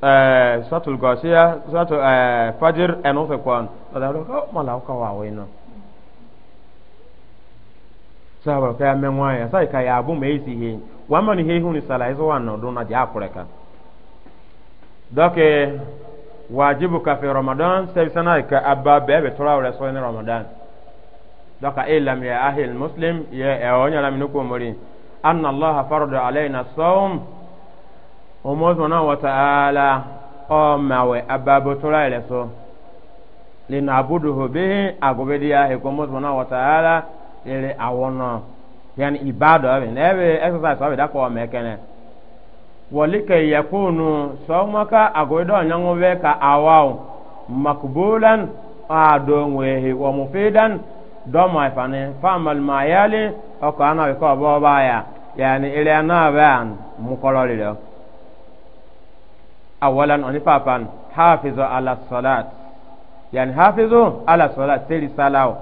Uh, suratul gashiya suratul uh, eh, fajir and also kwan oh, so da ro ko mala ka wa we no sa ba ka me nwa ya sai ka ya bu me isi he wa ma ni he hu ni sala izo wa no do na ja akure ka doke wajibu ka fi ramadan sai sana ka abba be be tora re so ni ramadan doka ilam eh, ya ahil muslim ya e onya la minuko mori anna allah farada alaina sawm o wataala ọmawe ababotola ile so linabuduhu bihi agobedi ya heko umuzuna wataala na ebe exercise abi dakwa mekene walike yakunu sawmaka agobedo anyango be ka awaw makbulan adon wehi wa mufidan dɔma ifani famal mayali ɔkɔ ana wikɔ awalan oni papan hafizu ala salat yani hafizu ala salat seri salao.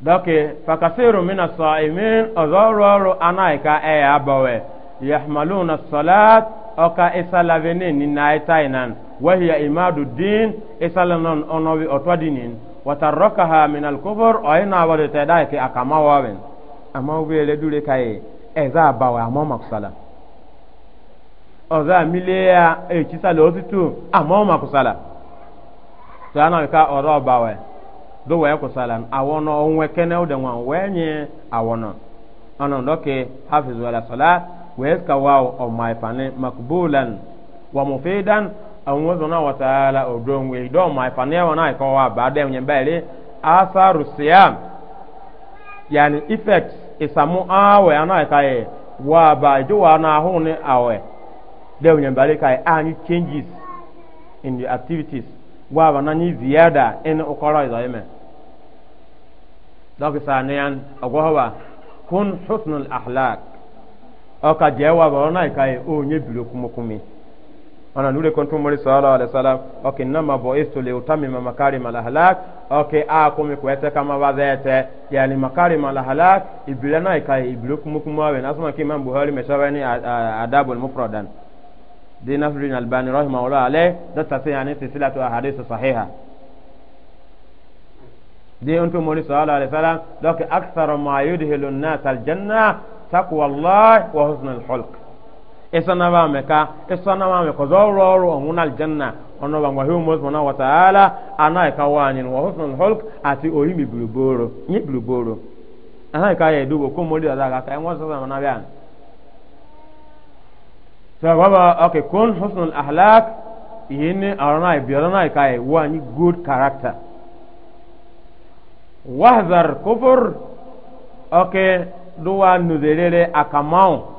doke fakasiru min saimin ozororo anaika e abawe yahmaluna salat oka isalavene ni naitainan wahiya imadu din isalanon onowi otwadinin watarakaha min alkufur oina wadete daike akamawawen ama ubele dure kaye eza abawe amamak salat ọzọ amilie ya echisala otutu ama ọma kwụsala so ya na ọrụ ọrọ ọbawe do wee kwụsala awọnọ onwe kene ụdị nwa wee nye awọnọ ọnụ ndọke hafiz wala sala wee kawa ọma ifani makbulan wa mufidan àwọn ọzọ náà wọtaala ọdọ onwe ìdọ ọma ifani ẹwọn náà kọwa abada ẹwọn yẹn báyìí asaru siam yani effect ìsàmú awẹ anáyẹka yẹ wọ àbá na ahụ ní awẹ. dewe nyambale kai any changes in the activities wa wana ni ziada en ukoro izaime dɔki saniyan agohoba kun husnul ahlak ɔka jɛwa bɔrɔ na ikaye o nye bilo kumukumi ana nure kontu mori sallallahu alaihi wasallam oke nama bo isto le utami ma makari mala halak oke a komi ko ete kama ba zete yani makari mala halak ibila na ikaye ibilo kumukumi awe nasma ki imam buhari meshawani adabul mufradan دي نصر الباني رحمه الله عليه ده تسيح عن سلسلة أحاديث صحيحة دي أنتم مولي صلى الله عليه وسلم لك أكثر ما يدهل الناس الجنة تقوى الله وحسن الخلق إسانا بامكا إسانا بامكا زورور وهنا الجنة أنه بانوهيو مزمنا وتعالى أنا إكوانين وحسن الخلق أتي أهيمي بلوبورو ني بلوبورو أنا إكاية دوبو كم مولي ذاك أنا إكاية مولي ذاك so baba okay kun husnul ahlak yini arana biarana kai wani good character wahzar kufur okay duwa nuzerere akamau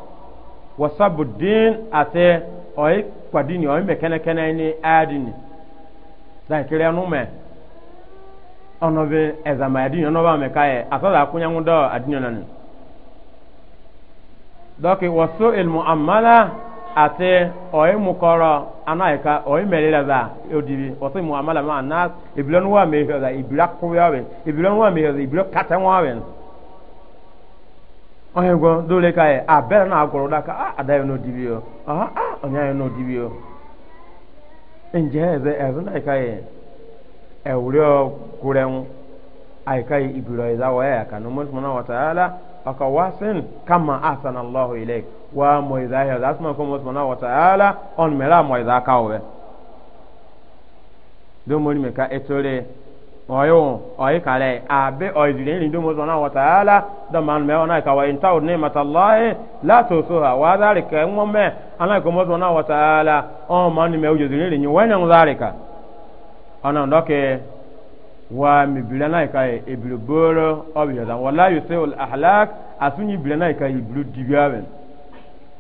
wasabu din ate oyi kwadini oyi mekene kene ni adini dan kire anu me ono be ezama adini ono ba me kai asala kunya ngudo adini nanu doki wasu il muamala ate oyi mukoro anaika oyi merira ba odibi osi mu amala ma na ibilo nuwa mehe da ibilo kuya we ibilo nuwa mehe da ibilo kata nwa dole kai abere na agoro da ka ah no dibi yo ah ah onya yo no dibi yo nje eze eze na kai e wuri o kuren ai kai ibilo izawa ya wa ta'ala akawasin kama ahsanallahu ilayka wa moiza ya da asma kuma subhanahu wa ta'ala on mera moiza ka we do mo me ka etore oyo oyi kale abe oyidire ni do mo subhanahu wa ta'ala da man me ona ka wa inta od ni'matallahi la tusuha wa zalika mo me ana ko mo subhanahu wa ta'ala on man me oyidire ni wanya zalika ana ndoke wa mi bila na ka e, e bilu boro obi da wala yusul ahlak asunyi bila na ka e, iblu dibiaben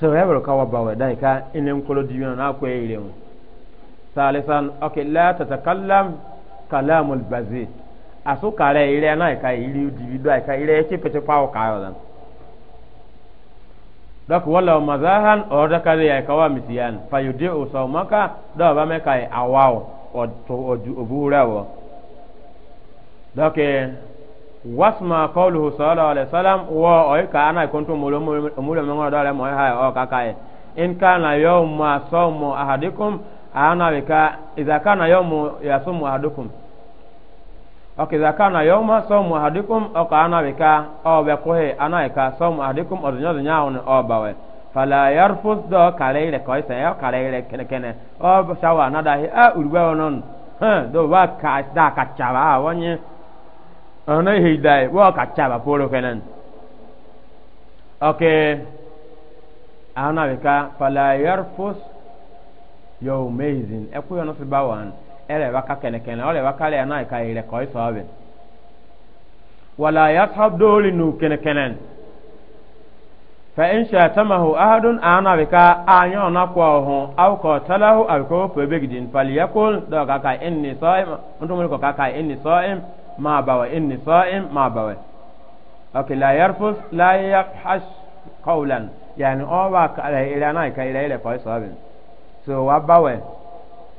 so ya bar kawa ba wa dai ka inin kulo di na ko yire mu salisan okay la tatakallam kalamul bazit asu kare ire na ka iri di do ka ire ke pete pawo ka yo dan dak wala mazahan o da kare ya kawa misiyan fayudi usawmaka do ba me kai e awawo o to obu rawo dak eh, wasma qawluhu sallallahu alaihi wasallam wa oy ka ana kontu mulo mulo mo dole mo ha o ka kai in kana yawma sawmu ahadikum ana wika idza kana yawmu yasumu ahadukum ok idza kana yawma sawmu ahadukum o ka ana ka o be ko he ana ka sawmu ahadukum odunyo dunya on o bawe fala yarfus do kale ile ko ise o kale ile kene kene o shawa nada he a urugwa onon ha do wa ka da ka chawa wonye ono hidai wo ka chaba polo kenan okay ana bika fala yarfus yawmaizin eku yono fi bawan ele baka kene kene ole baka le na ka ire ile ko isobe wala yashab doli nu kene kenen fa in shatamahu ahadun ana bika ọ na kwa ho aw ko pali ya ko pebegidin ka yakul do kaka inni sa'im ntumul ko kaka inni sa'im so ma bawa inni sa'im ma bawa okay la yarfus la yafhash qawlan yani o wa ka la ila na ka ila ila ko sabin so wa bawa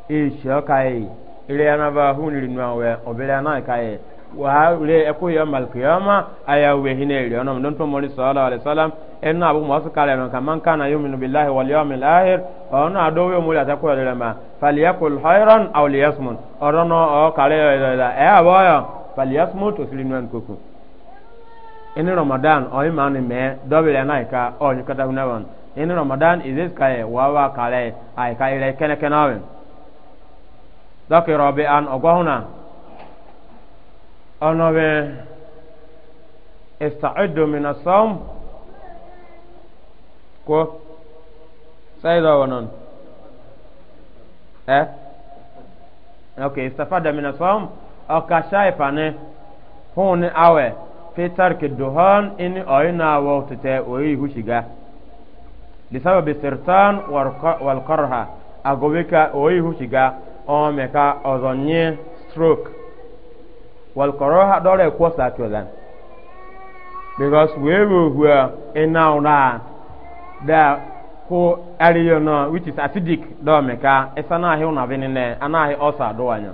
e sho kai ila na ba hun ri nwa we obira na ka e wa le e ko yo mal qiyama aya we hine ri ono don to mori sallallahu alaihi wasallam en abu masu kale no kaman kana yuminu billahi wal yawmil akhir ono ado we muli ata ko le ma falyakul khairan aw liyasmun orono o kale e abo moto falyasmut osilinuan koku ini ramadan oyi maani mɛ dɔbile na ika ɔnyu katahuna wɔn ini ramadan izis kaye wawa kale a ika ire kene kene awin dɔki rɔbi an ɔgɔhuna ɔnɔbi istaidu mina sɔm ko sai eh? dɔ wɔnɔn ɛ ok istafada mina sɔm ọkacha ipane hun awe peter kidohan in oyina awo tete oyi ihu hushiga lisababi sirtan wal qarha agobika oyi ihu shiga o meka ozonye stroke wal qarha dore kwosa chodan because we will where in now na da ko ariyo no which is acidic do meka esana ahi una venene anahi osa do anya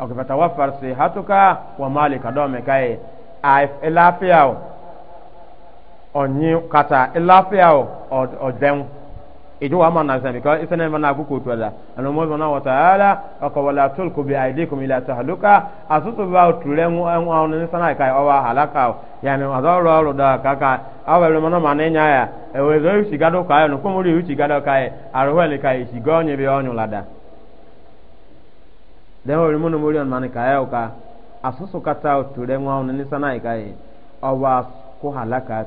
ok fatawaffar hatuka wa malika do me kai a o onyi kata ilafia o odem ijo wa ma na san because isene ma na ku ko twala anu mo na wa taala aka wala tulku bi aidikum ila tahluka asutu ba tulemu an wa ne sana kai o wa halaka yani azoro ro da kaka awere mana ma ne nya ya ewe zo usigado kai no ko mo ri usigado kai arwele kai sigonye bi onyu lada dẽn wẽr mũn morion man ka yaoka a sõsʋka tao tɩ rẽ wãoone ne sãna y ka ye a waas kʋ halakaa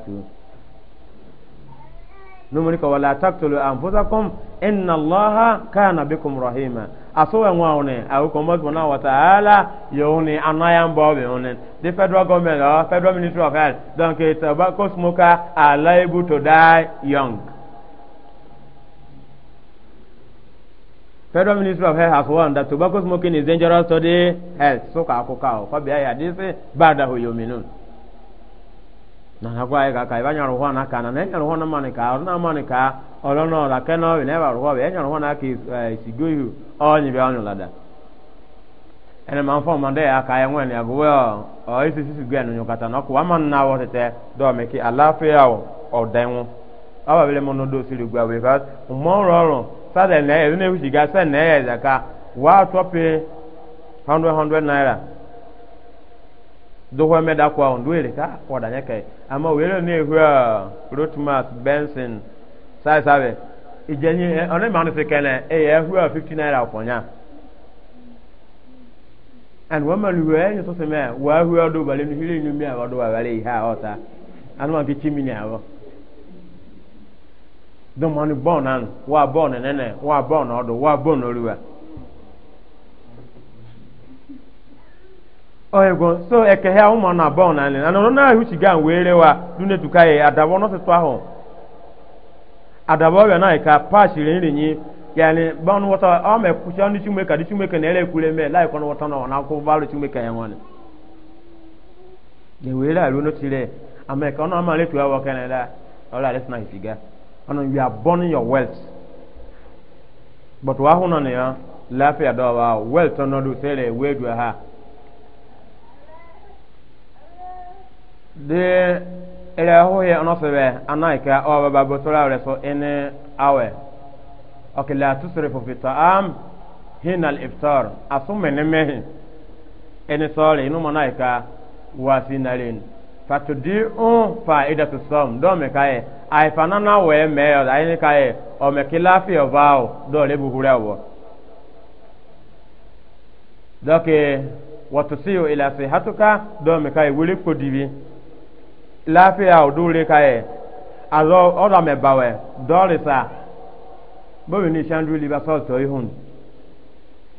ka wala anfusakum inna allaha kana bikum rahima aso wa ngwaune au ko mo bona wa taala yone anaya federal government federal ministry of health donc it to die young federal ministry of health has warned that tobacco smoking is dangerous to the health soka akụkọ ahụ kwa bịa ya dịsị bada hoyominun na nakwa ya e kaka e ibe anyara ụhọ na ka na enyara ụhọ na mmanụ e ka ọrụ na mmanụ ka ọrụ na ọla ke na ọrịa na ebe arụhọ bụ enyara ụhọ na aka isigo ihu ọnyị bịa ọnyụ lada ene ma mfọ ma ya aka ya nwere ya bụ gụwe ọ isi sisi gwe nụ nyụkata na ọkụwa ma nna awọ tete dọmeki alafe ya ọdenwu ọ babile mụ n'odo siri gwa wee ka mmụọ ọrụ ọrụ sada ne ezu ne wusi ga sada ne ya zaka wa 100 100 naira da ka kwa da nyake ama wele ne hwa rotmas benson sai sabe ijenye one ma se kene e ya hwa 50 naira and wa malu we so se me wa do bale ni hire mi wa bale ha anu ma domani bon an wa na nene wa ọdụ odo wa bon oriwa oyego so ekehe ahụ ma na bon an na nọ na ahụ chiga were wa dune tuka ye adabo no tetu ahụ adabo ya na ka pass ri ri nyi yani bon wata o me kucha ndi chume ka di chume ka na ele kure me lai kono wata no na ko baro chume ka yanwa ne ye were ka no tire ameka ona ma le tu awo kenela ola and you are burning your wealth but wa hono ne ya lafiya da wa wealth no do sele wedu ha de ele ho ye ono sebe anaika o baba botola re so ene awe okay la tusrifu fi ta'am hina al-iftar asumene mehi ene sole inu manaika wasinalin fatudi un oh, fa ida to som eh, do me kae ai fanana we me yo ai ni kae o me kilafi o vao do le buhure wo doke watusiu ila sihatuka do me kae wuli ko dibi lafi a do le kae azo o da me bawe do le sa bo ni shanduli ba so to ihun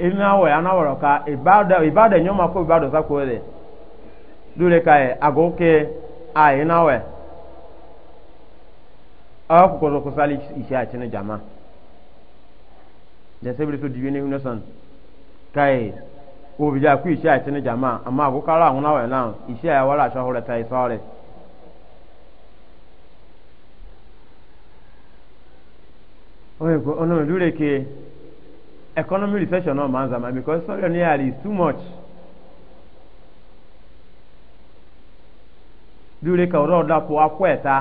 ina we ana woro ka ibada ibada nyoma ko ibada za ko le dure kai e, agoke a ina we a ko ko ko sali isha chine jama da sabri to diwe ne hunasan kai o bi ja e, ku isha chine jama ama ko kala hun na we na isha ya wala sha hore tai sore oye ko ono dure ke economy recession náà máa ń zàmà because sọ́rọ̀ ní àlè is too much. dure ka ọ̀rọ̀ ọ̀dà pọ̀ akọ ẹ̀ta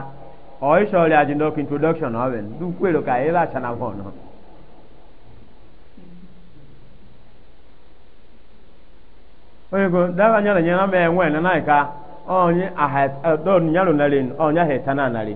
ọ̀ ìṣọ̀rẹ̀ àjìndọ́k introduction ọ̀rẹ́ dúpọ̀ èrò kà yẹ́ láṣà náà fọ̀ náà. onye ko daba nyara nyara mɛ ŋwɛ nana yi ka ɔnye ahɛ ɛdɔ nyalo nare ɔnye ahɛ tana nare.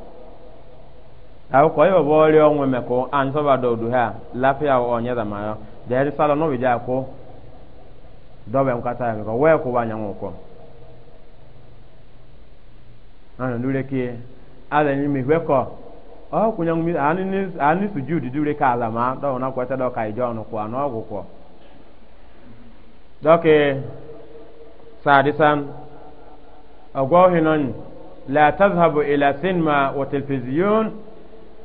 akụkọ ihe ọbọ ọrịa ọnwụ mekọ anyị sọba dọdụ ha lapịa onye dama ya dịrị salọ n'obi dị akwụ dọba nkata ya mekọ wee kwụwa anyanwụ ụkọ ana lure ke ala ni mi weko o kunya mi ani ni ani sujudi dure ka ala ma do na kwata do ka ijo no kwa no gwukwo doke sadisan ogwo hinon la tadhhabu ila sinma wa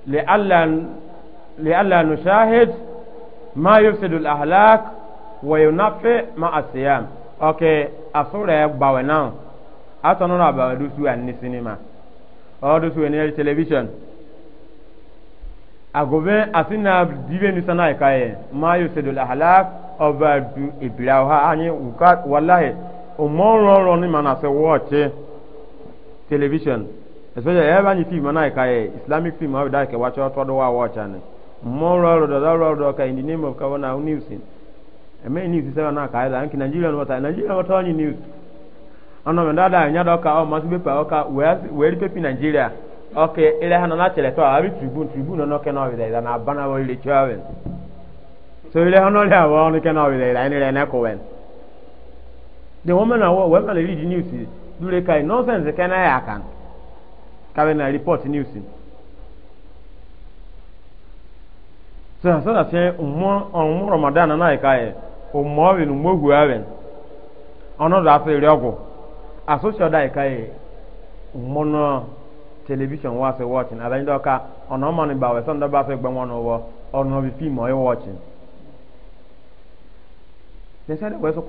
لئلا نشاهد ما يفسد الأهلاك وينفع مع الصيام أوكي أصور باونا أتنون باودوسو أن السينما أودوسو أن التلفزيون agobe asina dibe ni sana ikaye ma yufsidu al-ahlak ọba du ibiraha anyi wuka wallahi umoro ro ni mana se watch television especially ebe anyị fim anaghị ka islamic film ha bidara ka wacha ọtọ dọwa wọcha ni mmụọ ọrụ ọrụ dọda ọrụ in the name of kavana news eme news sebe na ka ịda nke nigeria nwata nigeria nwata onye news ọnụ mmadụ ada anya dọka ọ masị pepa ọka wee ri pepi nigeria ọka ele ha nọ na chere tọọ abi tribune tribune nọ ke n'ọbịda ịda na aba na wọ ile chọọwen so ile ha n'ọrịa abụọ ọnụ ke n'ọbịda ịda ịnịrị n'ekọwen the woman na wọ wee mana news dure ka nonsense ke na ya aka kabe na report news so so say eh, ramadan na ka e eh, ummo bi na mogu awen ono da so ri ogu asocio da ka e eh, ummo no television wa se watching ala ndo ka ono mo ni ba we so ndo ba se gbe e watching they said we so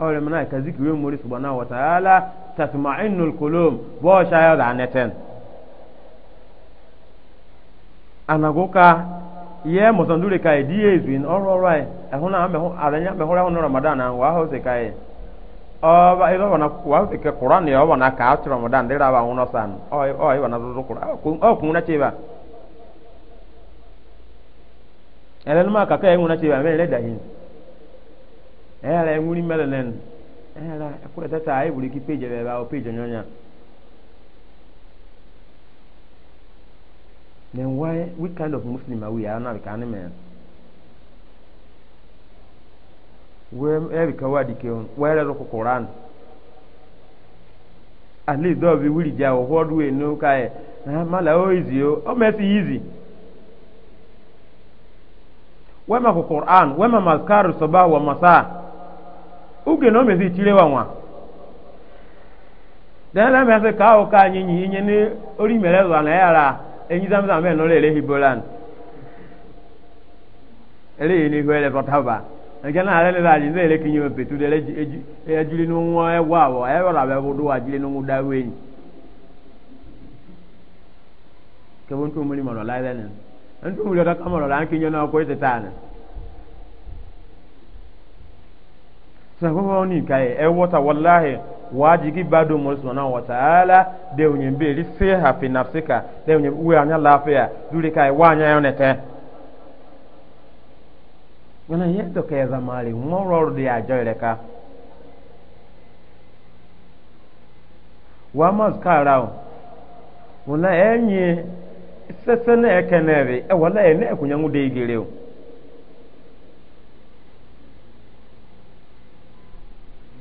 awre mana ka zikirin muri subhanahu wa ta'ala tatma'innul qulub bo shaya da neten anagoka ye mosandure ka idiye izin oro oro ehuna ame ya aranya me hore hono ramadan an wa ho se kai oba ido wana wa se ke qur'an ye na ka ramadan dira san o o qur'an o cheba elen ma ka me ɛyɛlɛ ŋuni mɛlɛ lɛn ɛyɛlɛ ɛkura tata ayi wuli ki peje o peje nyɔnya then why which kind of muslim are we are now kan mɛ wɛm ɛbi ka waa dike on wɛrɛ do ko koran at least dɔw bi wuli ja o hɔɔdu yɛ n'o ka yɛ ɛn mala o izi o ɔmɛ si izi wɛma ko koran wɛma maskari kaari soba wa masa. uge na o mezi chire wa nwa dana m se ka o ka nyi nyi nye ni ori mere na yara enyi zam zam me no le le hibolan ele ni hwele ko na ale le la ji ze kinye kinyo betu ejiri n'ụwa nwa e wa wo e wora be sahoho ni kai e wata wallahi wajigi bado mo subhanahu wa ta'ala de unye mbeli se ha fi nafsika de unye uwe anya lafia dure kai wanya yonete wana yedo ke za mali moro de ajoyre ka wa mazkara wala enye sesene ekenere e wala ene kunyangu de igireo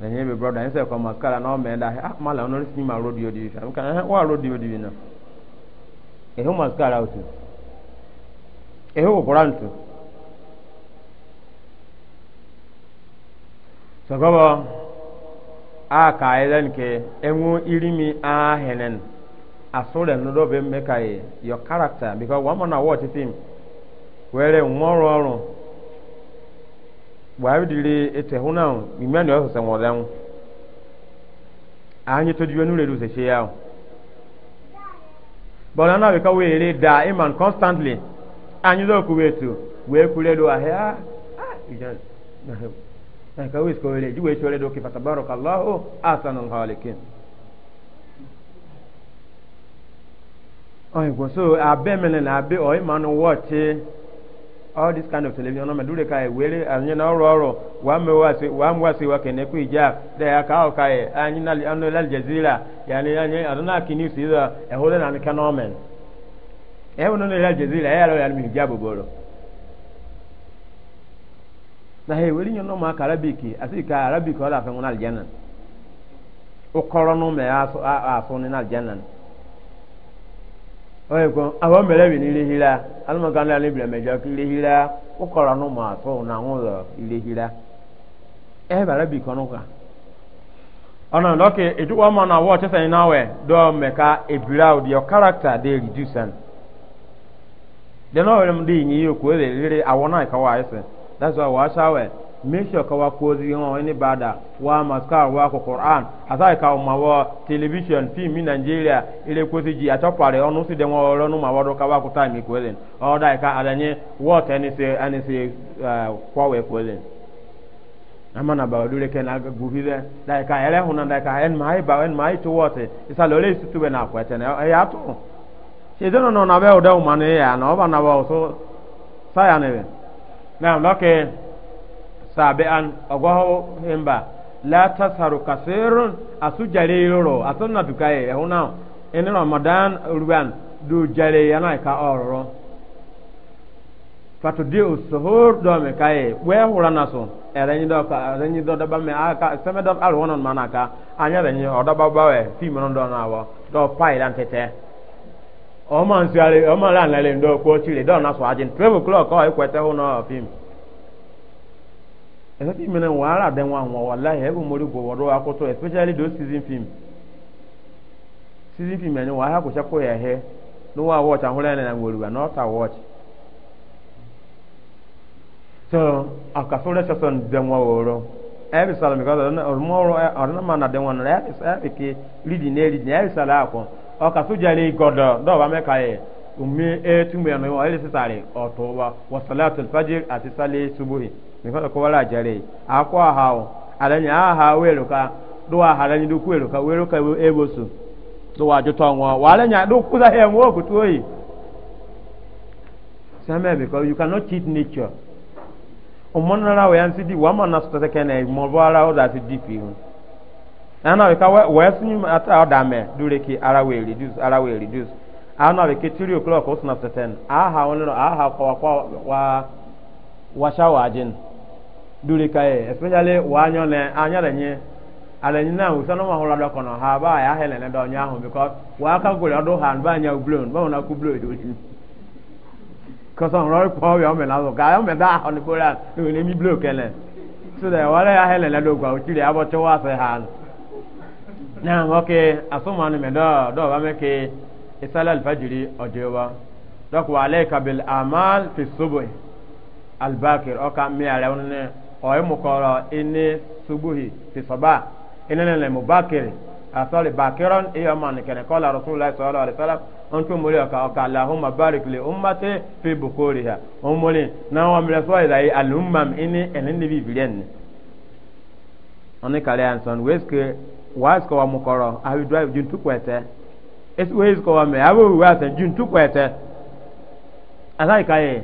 na nye mi broda nsɛ kɔ maskara na ɔmɛ da ah mala ɔno resi ma rodio di fia nka ɛhɛ wa rodio di na ehu maskara otu ehu kokora ntu sɔgɔbɔ a ka ayɛlɛn e e irimi a hɛnɛn asore no mɛ ka e, your karakta because wɔn mo na wɔ titi wɛrɛ ŋmɔrɔ ɔrɔ. wabidire ete hunao mimani waso sanwadan anyi to diwe nure duse she yao bọ̀dọ̀ náà wíkọ́ wé eré da iman constantly anyi ló kú wétu wéé kú lédo ahẹ́ á ah, ìjọba ah, ẹ̀ka wé sọ wéé ju wéé sọ lédo kí fatabaru kàlọ́hù àsanù hàlìkín. ọ̀yìn kò so abẹ́ mi abẹ́ ọ̀yìn all this kind of television ọmọ ẹdúró ka ẹ wéré àyìn náà ọrọ ọrọ wà mú wá sí wa kẹne kú ìjà dẹ àká ọka ẹ àyìn náà ọnà ilẹ̀ jẹzira yàní àyìn àdúrà kìíní sí ẹ ẹhóre náà nìkan náà mẹ ẹ wọn nínú ilẹ̀ jẹzira ẹ mi ìjà bòbò na he ewere nyɛ nɔma ka arabic asi ka arabic ɔlɛ afɛn wọn aljanna ukɔrɔ no mɛ aso ne na aljanna oye ko awo mele bi nilehila lehila alima lehila na ŋun lɔ lehila ɛ bala bi kɔnɔ kan ɔnà lɔkè na ọmọ náà wọ́ọ̀ tẹ́sán iná wẹ̀ dọ́ character dey reduce dị dẹ́nu ọ̀rẹ́ mu that's why misho ka wa kozi ho ini bada wa maskar wa ko qur'an asai ka ma wa television fi mi nigeria ile kozi ji atopare onu si de won ro nu ma wa do ka wa ko time ko len o dai ka adanye what any say any say eh, kwa we ko len ama na ba dure ke na gu hire dai ka ele hu na dai ka en mai ba en mai to what isa lole su e, tu na kwete na ya to se dono no na be o da o mane ya na ba na ba o so saya ne be na loke سابعا أغوه همبا لا تسهر كثير أسو جليلو أسو نتكاي هنا إن رمضان أروان دو جليانا كأورو fatudi usuhur do me we so erenyi do ka erenyi do da me aka seme do al wonon manaka anya renyi ba we fi mo do na wo do pai lan o man siare o man le ko chile do na so ajin 12 o'clock o ikwete hu no film ẹsẹsẹ mìíràn wọn ara dẹ wọn àwọn wàláhì ẹbùn mórí gò wọdọ akoto especially those season film season film ẹni wọn aha kò sẹkọ yẹ ẹhẹ ní wọn watch ahọ́rẹ́ ẹni na wọlé wa not watch so akasore sọsọ dẹ wọn wọrọ ẹbi sọrọ mi kọsọ ọdúnmọrọ ọdúnmọ na dẹ wọn rẹ ẹbi sọ ẹbi ké ridi ní ridi ní ẹbi sọrọ gọdọ omi ẹtùmẹ ẹnu ya sísàrẹ ọtọ wa mikɔtɔ kɔbala jɛre akɔ ahawo alani aha welo ka do ahalani do kuelo ka welo ebo so do nya do kusa hɛ ŋɔ tuoi oyi because you cannot cheat nature umonala wo yansi di wama na sotɔ kɛnɛ mɔbɔra o si di fi ana wika wɛsi ata ɔda mɛ dure ki ara will reduce ara we reduce ana o'clock wa wa shawa duri ka ye especially wa anyo ne anya le nye ale nye na usa ma mahola do kono ha ba ya hele ne do nya because ka do han ba nya ba na ku blo do cause on roll po da on la do ne mi kele so da wa ya hele ne do gwa uti le abo to wa se han na okay asoma no me do do ba me ke isala alfajiri wa alayka bil oyi mukoro ini subuhi fi sabah mubakiri asali ah, bakiran iyo man kene kola rasulullah sallallahu alaihi wasallam onto mori ka ka allahumma barik li ummati fi ha na wa mre so ida ummam ini enene bi wa kwete wa kwete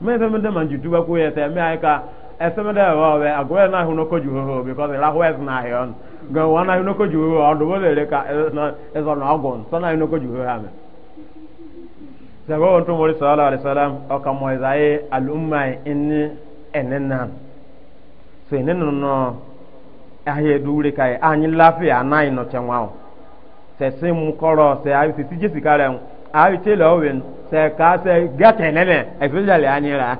me se me de man jitu ba ku ye te me ai ka ese me de wa we agwe na hu no ko ju because la hu es na he on go wa na hu no ko ju ho odo bo ka na e so na agon so na hu no ko ju ho ha me se go on to mo sallallahu alaihi wasallam o ka mo So al umma inni enenna so enenna no ahye dure kai anyi lafiya nine no chenwa o se se mu koro se ayi se tije sikare mu ayi ti lɔ wen sɛ kaa sɛ gɛtɛ nɛnɛ especially anyi la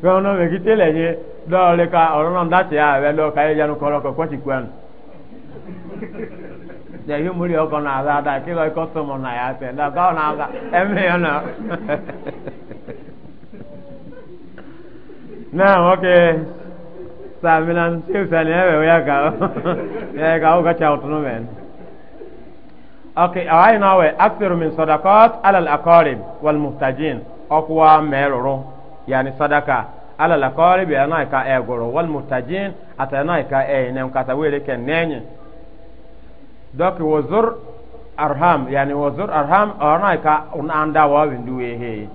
gbɔnɔ mɛ kite lɛ nye dɔwɔle ka ɔlɔnɔ da ti a bɛ lɔ ka ye yanu kɔrɔ kɔ kɔti kuan sɛ yi muri yɔ kɔnɔ a da ki lɔ kɔsɔmɔ na ya sɛ da k'aw na ka ɛmɛ yɔ na naa ok saaminan sisan ni ɛ bɛ o ya ka ɛ ka ca o tunu mɛ. okay awai na we akthiru min sadaqat ala al-aqarib wal muhtajin okwa meruru yani sadaka ala al-aqarib yana ka egoro wal muhtajin atana ka e ne mkata wele ken nenye doki wazur arham yani wazur arham ona ka unanda wa winduwe he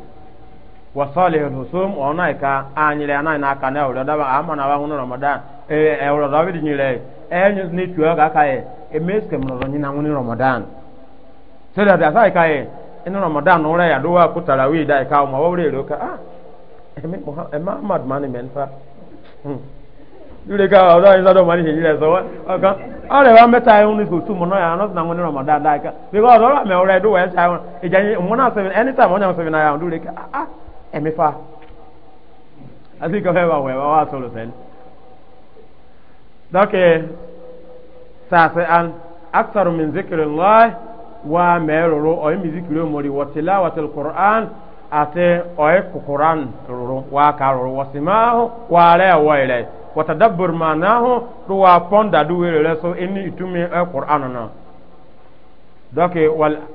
wa salihul husum ona ka anyile ana na ka na uloda ba amana wa ngunu ramadan e e uloda nyile e nyu ni tuwa ka e emeske mno nyina ngunu ramadan so that as I kai inu Ramadan no re ya do wa ku tarawih da ka ma wo re ro ka ah emi Muhammad mani men fa dure ka ọdọ ẹni sọdọ mani ṣèjì rẹ sọwọ ọkàn ọrẹ wa mẹta ẹhún ní kò túmọ náà yàrá náà wọn ní Ramadan da ka because ọdọ àmì ọrẹ ẹdọ wẹẹ ṣáà wọn ìjà yẹn òun náà sẹbi ẹni tààmù ọjà sẹbi náà yàrá dure ka ah ẹmi fa àti ìkọfẹ wa wẹ wa wà sọrọ sẹni. dọkì sàṣẹ an akitọrọ mi zikiri lọ́ọ́ wa mɛroro ɔyɛ mizikiri omori wɔtila wɔtil Quran ate ɔyɛ kukuran roro wa ka roro wɔsimaho waare wɔyɛlɛ wɔtadabbur manaho do wa pɔnda do wele lɛ so ɛni itumi ɛ e kur'an na dɔke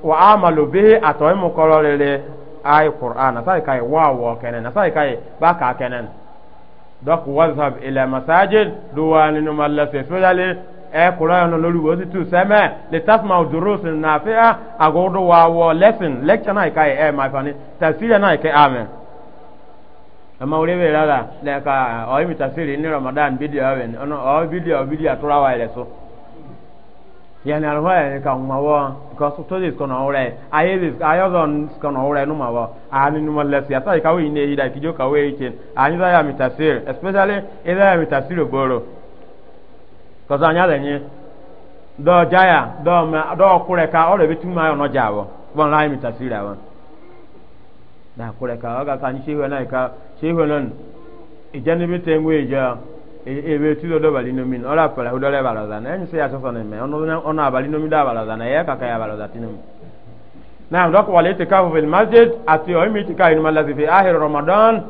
wa amalu bihi ate ɔyɛ mukɔrɔ lele ayi kur'an na sai kai wa wɔ kɛnɛ na sai kai ba ka kɛnɛ dɔk wazhab ila masajid do wa ninu malase soyale e eh, kurayano lori wosi tu seme le tasma udurusi na fiya agodo wa wo lesson lecture na ikai e my fani tafsiri na ikai amen ama ulewe lala le ka eh, o imi tafsiri ni ramadan video awen ono o video video atura wa ile so yani alwa ya ka mawa ka so to dis kono ani no males ya ta ka ni ida kijo ka we ichen ani ah, especially ida ya mi tafsir tɔsɔ anya le nye dɔ jaya dɔ mɛ dɔ kure ka ɔlɔ bi tuma yɔ nɔdza wɔ bɔn la mi tasi la wɔ da kure ka ɔga ka ni sehu na yi ka sehu na ìjẹ níbi tẹ ń wé ìjọ ebe tí lọdọ bali nomi ní ọlọ àpẹlẹ ọdọ rẹ balọza náà ẹni sẹ yà sọsọ ní mẹ ọnà abali nomi dá balọza náà ẹyẹ kàkà yà balọza tí nomi. náà dọ́kọ̀ wàlẹ̀ ti káfọ́ mi ramadan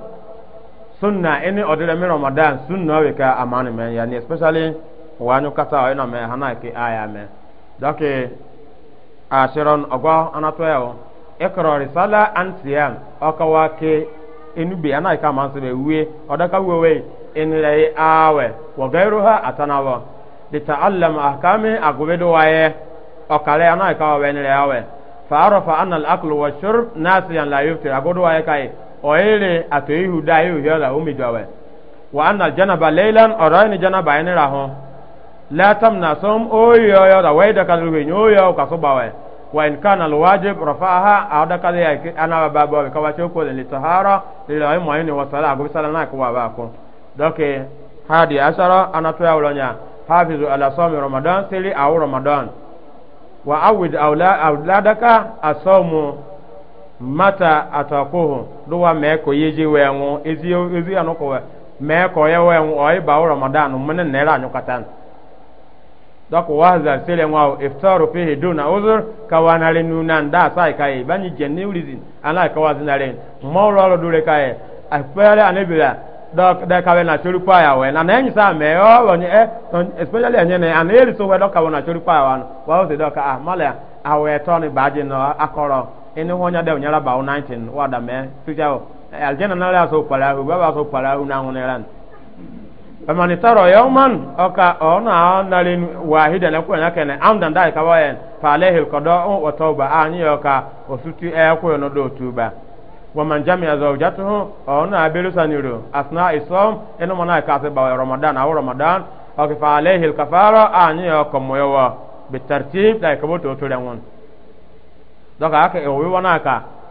sunna ẹni ọ̀dẹ́rẹ́mi ramadan sunna wíkà àmàlùmẹ́ yà especially wanyu kata ina me hana ki aya me dake ashiron ogwa anatoyo ikro risala an siyam okawa ke enube ana ka manse we odaka wewe inlay awe wa gairuha atanawa litaallam ahkami agubedo waye okale ana ka we inlay awe fa arafa anna al aklu wa shurb nasiyan la yuftir agudo waye kai oyele atoyi hudayi yola umidawe wa anna al janaba laylan orayni janaba inira ho la na som o yo yo da wai da kalu we yo ka so bawe wa in kana al wajib rafaha aw da kalu ana ba ba ka wace ko da litahara lil ay mu'ayin wa sala go sala na ko ba ko doke hadi asara ana to ya hafizu ala sawmi ramadan sili aw ramadan wa awid awla awladaka asawmu mata atakuhu duwa me ko yeji wenwu ezi ezi anoko ba ramadan mun ne ra dako waza sele ngwa iftaru fihi duna uzur kawana le nunan da sai kai banyi jenni ulizin ala kawazi na len mawlo lo dure kai afele anebila dok da kawe na churu pa we na na nyi sa me o wonye e eh, especially enye ne an eri so we dok kawe na churu pa wan wa se dok ah mala awe to baje no akoro eni wonya da unyara ba 19 wa me tuja o aljena na la so pala u baba so pala u na nguneran famani taro yawman oka ona nalin wahida na kuwa kene amdan dai ka wayen fa alayhi alqada'u wa tauba ani oka osuti e ko no do tuba wa man jami'a zawjatuhu ona abiru saniro asna isom eno mona ka se ba ramadan aw ramadan oka fa alayhi alkafara ani oka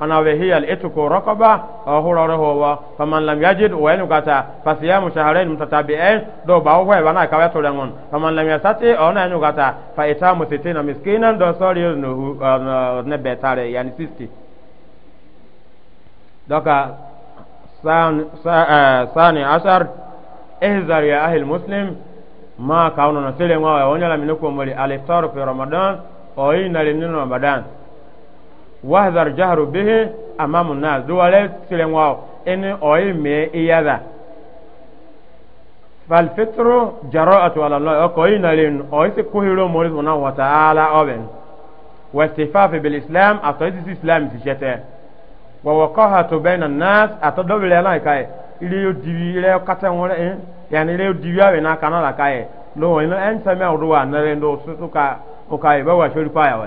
ana wa hiya al itqu raqaba aw hurara huwa faman lam yajid wa yanu kata fasiyamu shahrayn mutatabi'ain do ba ho e bana ka wa to lengon faman lam yasati ona yanu kata fa itamu sitina miskinan do sori no ne betare yani 60 doka san sani asar ihzar ya ahli muslim ma kauna na sele ngwa wonya la minuko mali al iftar fi ramadan o ina le ramadan wahdhar jahru bihi amamu nas duwale silen waw oyi me iyada fal fitru jara'atu ala allah ko ina len oyi se kuhiro mo na wa ta'ala oben wa istifafi bil islam islam ti jete wa waqahatu bayna nas atadawle la kai ile yo diwi ile kata won eh ile yo diwi awe na kanala kai lo ina en na rendo o kai ba wa shori pa ya wa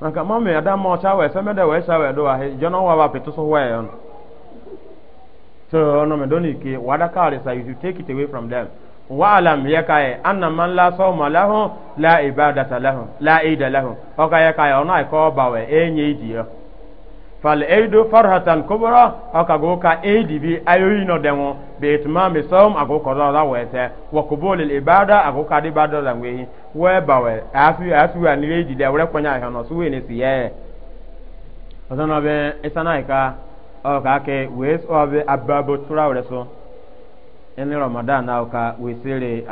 nka mami ada ma ọcha wee seme de wee shawe do ahi jona wa wa pitu so wee on so no me doni ke wada kare sa you take it away from them wa alam yakaye anna man la sawma lahu la ibada lahu la ida lahu o ka yakaye ona ko bawe enye idiyo fal eido farhatan kubra aka go ka eidi ayoyi no demo be itma mi som ago ko da wete wa kubul al ibada ago ka di bada ngwe we ba we afi afi wa ni kwanya ha no suwe ni siye ozono be isana ka o ka ke we so be ababo tura so ramadan na ka we sire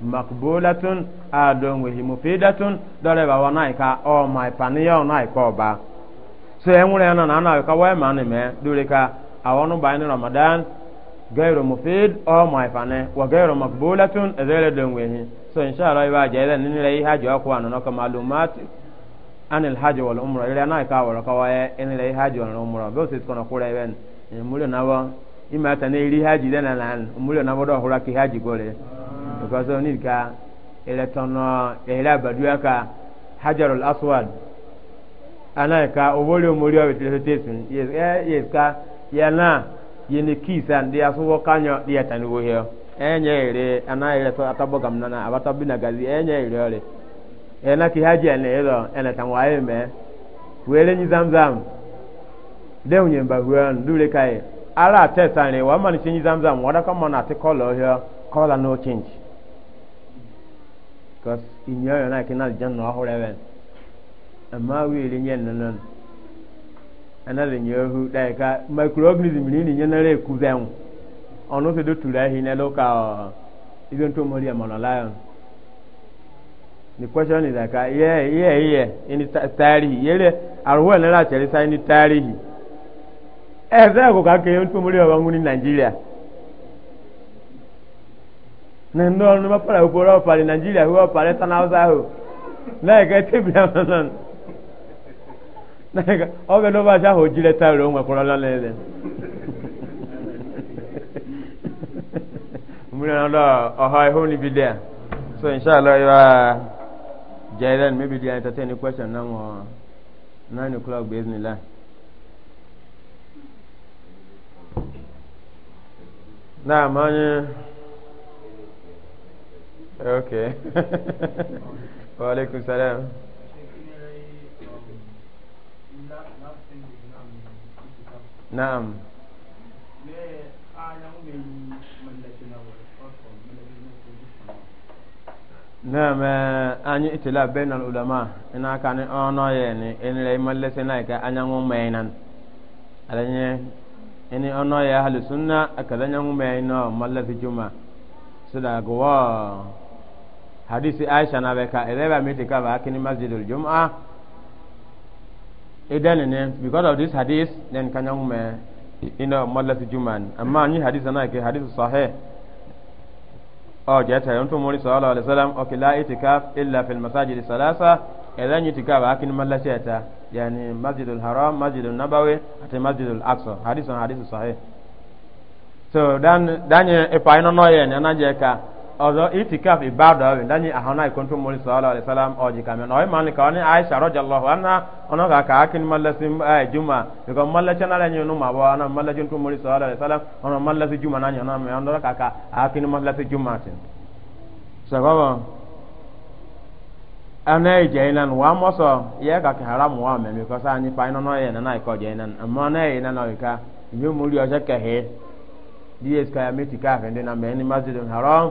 makbulatun adon wehi mufidatun dole ba wa naika, o mai paniya ona ko ba so enwure na na na ka wa ma ni me dole ka awonu ba ni ramadan gairu mufid o mai pane wa gairu makbulatun azele e don wehi so insha Allah ba je da ni le haji jo ko anu no ka malumat anil hajj wal umra ile naika ka wa ka wa e ni le haji wal umra be so ko kure ben mulio na wa imata ne ri hajj dena na mulio na bodo hura ki hajj gore because oni ka ele tono ele badua ka hajarul aswad ana ka obole omori awe tele tesun yes eh yes ka yana yene kisa ndi asuwo kanyo di atani wo here enye eh, ire ana ile to atabo na eh, eh, na abata bina gazi enye ire ole ena ki haji ene ilo ene tanwa eme wele nyi zamzam de unye mbahua ndule kai ara tesa ni wa mani nyi zamzam wada kama na te kola here kola no change because in your own eye, like in aljanna wa horeven in your own nan ana le nyohu dai ka microorganism in your own re ku zen ono se do tura hi na loka even to mori amana lion the question is like uh, yeah yeah yeah in the tari yele arwa na la cheri sai ni tari hi e za ko ka ke yon to mori wa nguni nigeria na ndị ọrụ mepere okporo ọpari naijiria hụ ọpari ta n'awụsa ahụ na-ege tebụl ahụ na-ege n'ụbọchị ahụ o mmiri ọha ihu ya so inshallah ya ndị na mo na amanye Okay. Wa alaikum salam. Naam. Naam eh, anyi itila bain al ulama ina kani ono yeni ini lay mallese na ka anyangu mainan alanye ini ono ya ahli sunna akadanya mainan mallese juma sida gwa hadisi aisha na beka eleba miti kaba akini masjidul jum'a idan ne because of this hadith then kanya me ina mallasi juman amma ni hadisa na ke hadisi sahih o je ta yantu muri sallallahu alaihi wasallam o la itikaf illa fil masajid salasa idan itikaf akini mallasi ta yani masjidul haram masjidul nabawi ati masjidul aqsa hadisi hadisi sahih so dan dan e pa ino no ye ne ka ọzọ itikaf ibada ọbẹ ndanye ahọna ikontu mori sọlọ alisalam ọjì kàmẹ ọyẹ maa nìkan ọni aisha rọjà lọhọ ọna ọna kà kà ákín mmalasi ẹ eh, juma bíkọ mmalasi ẹnara ẹni ọnu mabọ ọna mmalasi ntu mori sọlọ alisalam ọna mmalasi juma n'anyọ ọna mẹ ọna kà kà ákín mmalasi juma ti. sọgbọbọ ẹnna ìjẹ iná nu wàá mọsọ yẹ kàkì haram wà mẹ mi kọsá anyi pa iná náà yẹ nana ikọ jẹ iná àmọ ẹnna yẹ iná náà yìí ká ìyẹn mú rí ọṣẹ kẹhẹ díẹ̀ sikaya mẹ́tì káfíńdé náà mẹ́ haram.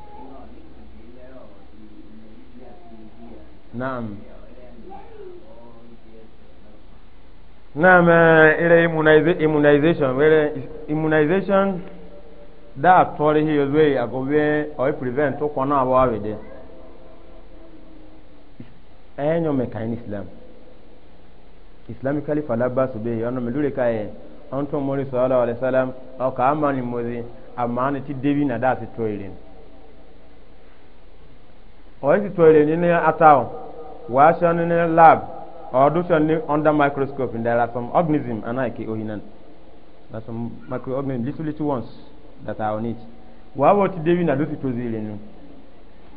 Naam. Naam eh, ile immunization wele immunization da tori hiyo zwe agobe o prevent to kono abo awede. Enyo me kain Islam. Islamically falaba sube yono melure kae onto mori sallallahu alaihi wasallam o ka amani mozi amani ti devi na da ti toirin. oyin ti tuwere ni ne ataw wa shan ne lab or do shan under microscope and there are some organism anaki ohinan there are some organism little little ones that are on it wa wo ti na do ti tozile ni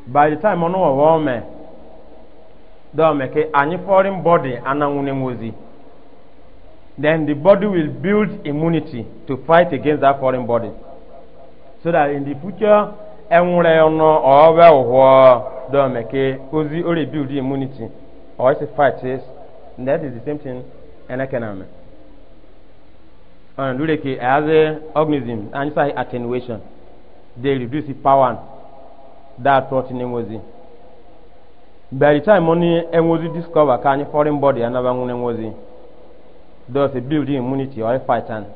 by the time ono wo me do me ke any foreign body ananwune ozi. then the body will build immunity to fight against that foreign body so that in the future enwere ono owe ohwo dɔw mɛ ke ozi o rebuild immunity or ese fight is that is the same thing ɛnɛ kɛnɛ mɛ ɔn lure ke ɛyazɛ organism anisa attenuation they reduce the power that tɔ ti ne by the time ɔni ɛŋozi discover ka anyi foreign body anaba ŋun ɛŋozi dɔw se build immunity or fight and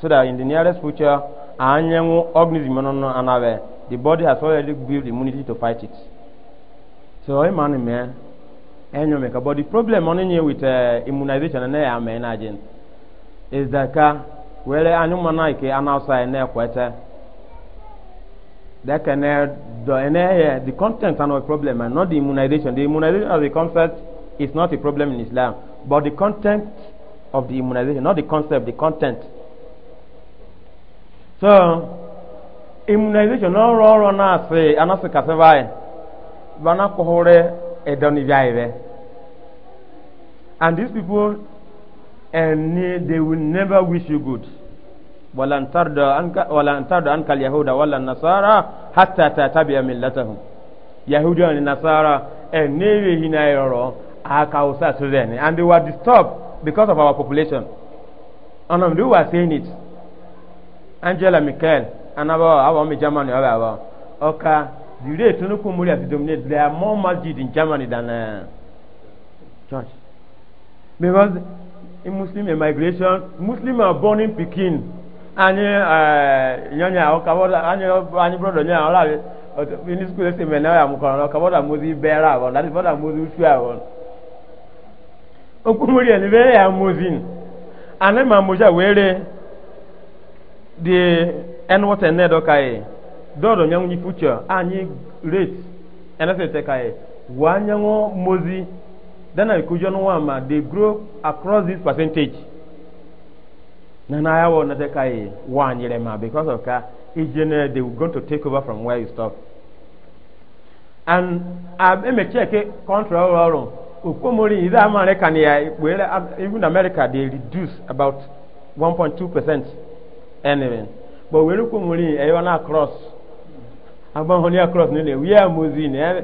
so that in the nearest future anyi ŋu organism ɔnɔnɔ anabɛ the body has already built immunity to fight it. so e man me enyo me ka but the problem on nye with eh, immunization na ya me na jin is that ka wele anyu mana ke anasa na kwete that can do ene the content and the problem and eh, not the immunization the immunization as a concept is not a problem in islam but the content of the immunization not the concept the content so immunization no ro ro na se anasa kasevai vana kohore edoni vyaire. And these people, and they will never wish you good. ولن ترضى عنك ولن ترضى عنك اليهود ولا النصارى حتى تتبع ni Nasara والنصارى and never hina yoro akausa sudan and they were disturbed because of our population and um, they were saying it angela michael anabo awo mi germany awo awo oka the rate no kumuri as it there are more masjid in germany than uh, eh, church because in muslim immigration muslim are born in pikin anyị eh, nyonya ọkabọda anyị anyị brọdọ nyonya ọla mini skul esi mme na ya mụkọrọ na ọkabọda mozi bere abọ na dịbọda mozi uchu abọ okwumuri eni bere ya mozi anyị ma moja were dị ẹnu wọta ẹnẹ dọka yìí dɔɔdɔ nyɛ ŋun yi future a nyi rate ɛnɛ fɛ tɛ ka yɛ waa nyɛ ŋɔ mozi dana ikujɔ no wa ma they grow across this percentage nana ya wɔ nɛtɛ ka yɛ waa nyerɛ ma because of ka ijene they were going to take over from where you stop and um, eme check e, country ɔrɔrɔ okomori yi dɛ amaare kan yɛ um, wɛrɛ even america they reduce about one point two percent anyway but wɛrɛ okomori ɛyɛ e wɔn na cross aban honi across nile wiya mozi ne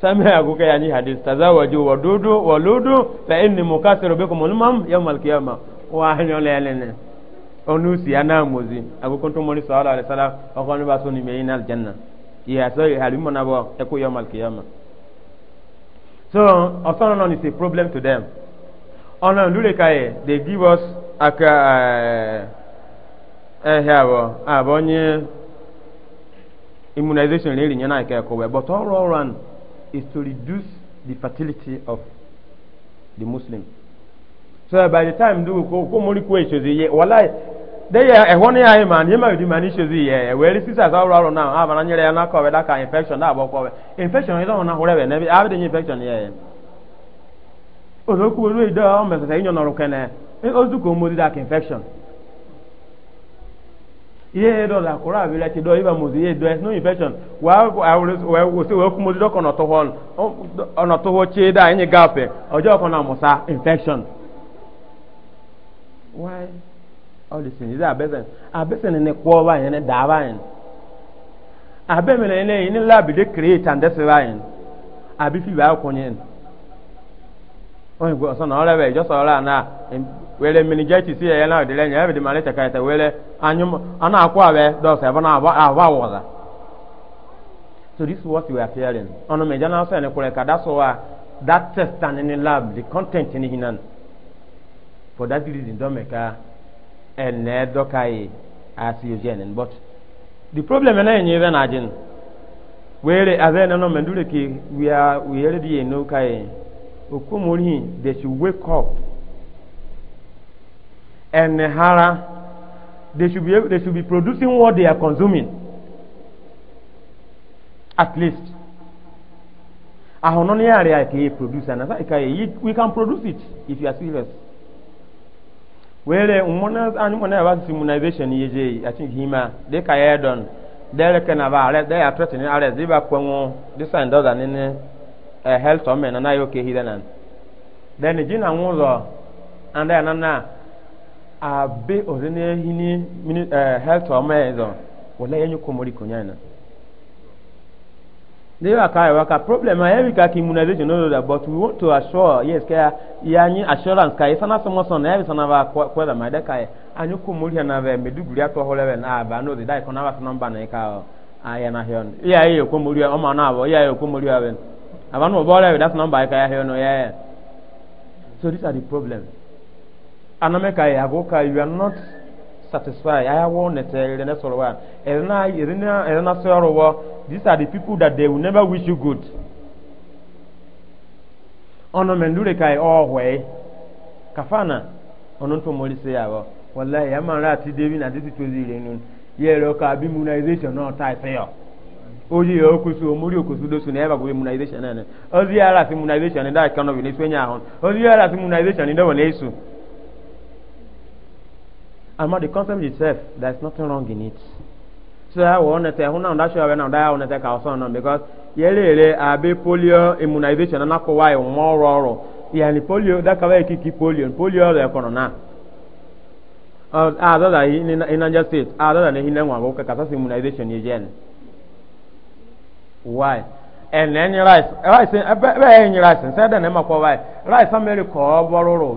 sami aguka yani hadis tazawaju wa waludu fa inni mukasiru bikum ulmam yawm alqiyama wa hanyo lelene onusi ana mozi aguko to mori sallallahu alaihi wasallam akon ni baso ni meyin aljanna ya so halimo na bo e ko yawm alqiyama so osanon ni se problem to them ona lule kai they give us aka eh eh abo abonye ah, immunization really nyana ike ekowe but all around is to reduce the fertility of the muslim so by the time do ko ko mori ko echozi ye wala de ya e hono ya man ye ma di man echozi ye e we sisters all around now aba na nyere ya na ko we da ka infection da abo ko we infection ye don na hore we na bi abi de infection ye o lo ku we do o me se nyo na ru kene o du ko mo di da infection ihe dɔ la kɔrɔ a bɛ lɛ ti dɔ iba mozi ye dɔ no infection wa wa wosi wa kumodi dɔ kɔnɔ tɔgɔ ɔnɔ tɔgɔ tse da enye gaa fɛ ɔjɔ kɔnɔ musa infection why all this thing is a bɛsɛn a bɛsɛn ne kɔ ba yɛn ne daa ba yɛn a bɛ mɛnɛ ne ne labi de create and dɛsɛ ba yɛn a bi fi onye gwe ọsọ na ọrịa bụ ịjọsọ ọrịa na were mmiri jee chisi ya ya na ọdịrị enyi ebe dị mara ịchaka ịta were anyụ a na-akwụ abe dọsa ebe na-ahụ awụza so this is what we are fearing ọnụ meja na asọ ya nekwere ka that's why that test and any lab the content in hinan for that reason don make a ene dọkaghị e, asị oji enen but the problem na enyi ebe na ajin were abe ene nọ mendure ka we are we already know kaghị okomori they should wake up and hara they should be they should be producing what they are consuming at least ahono ne yare produce. And na sai kai we can produce it if you are serious wele umona anu mona ba immunization yeje i think hima de ka ya don dere kana ba are they are threatening are they ba kwanwo this and other nene Eh, health to me na na yo ke na eh, then e ji na nwuzo anda na abe ozene hini mini health to me zo wala yenyu komori kunyana they were problem. I have immunization, no, but we want to assure, yes, care, yani assurance, kai, sana someone son, every son of our quella, my na and you come with another, me na great to I know na na na Amanu Obore, that's number I can hear no, yeah. So these are the problems. Anameka Yagoka, you are not satisfied. I won't necessarily sort of one. Elena, Irina, Elena Sorowa, these are the people that they will never wish you good. Ono mendure kai ohwe. Kafana, ono to molise yawo. Wallahi, amara ati devi na diti tozi irenun. Yero ka bimunization no type here oyi ya oh, okusu omuri oh, okusu oh, dosu na eba gobe immunization ene ozi ya ara si immunization da kan obi nesu enya ahun ozi ya ara si immunization da wona isu amma the concept itself there is nothing wrong in it so I want to tell now that sure now that I want to take our son because yelele abe polio immunization na ko why mo roro yani polio da ka wai kiki polio polio da kono na ah da da in in Niger state ah da da ne hinan wa ko kasa immunization ye jene why ẹnlẹ ní rice rice eh, bẹẹ ní rice nsẹ dẹ ní kọ why rice amẹri kọ ọ bọrọrọ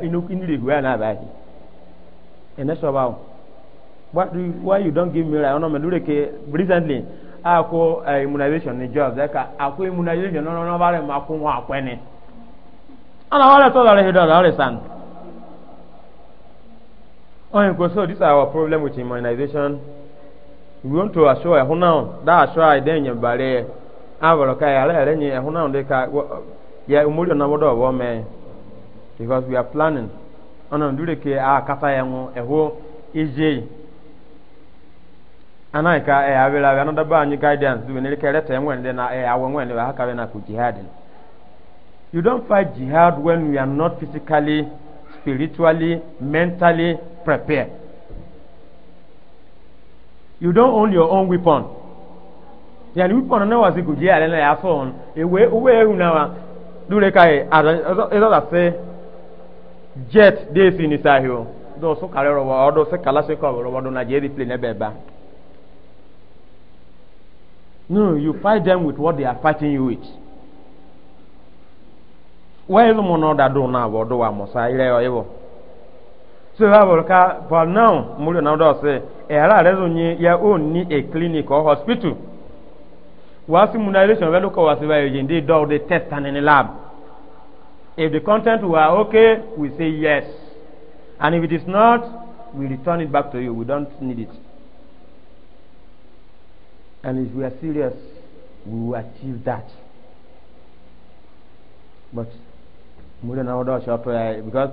inúkiri ìhùwẹ náà báyìí ẹnẹ sọ báwo what do you, why you don give me rice ọ̀nà mẹ́lúrẹ́ ke recently àkó uh, immunization in jobs ẹ̀ka àkó immunization náà náà bá rẹ̀ kó wọn àpẹ́ ni ọ̀nà wọ́n rẹ̀ tó lọ so this is our problem with immunization. wonto aso ɛho na da aso a ɛdɛn nyɛ bare abɔlɔ ka yàrá yàrá nyɛ ɛho na de ka yɛ omori na wɔdɔ ɔwɔ mɛ because we are planning ɔnà ndúre ke a kata yɛn ho ɛho ezie anayi ka ɛyà e, awira awira another baa anyi guidance do niri ka ɛrɛ tɛ de na ɛyà awɔ ɛnwɛn de wa bɛ na ko jihad you don fight jihad when we are not physically spiritually mentally prepared. you don't own your own weapon yani weapon na wasi go je ale na ya so on ewe uwe ehu na wa dure kai ezo da se jet dey si ni sahio do so kare ro wa odo se kala se ko ro wa do na je plane be ba no you fight them with what they are fighting you with where is mo no da do na wa do wa mo sa ile o ibo so a bụrụ ka for now mụrụ na ọdọ sị ịhara arịzụ nye ya o a clinic or hospital wasi munalization wẹ́n lókọ̀ wá was báyìí yìí do. dọ́ọ̀ test and in the lab if the content were okay we say yes and if it is not we return it back to you we don't need it and if we are serious we will achieve that but mụrụ na ọdọ because.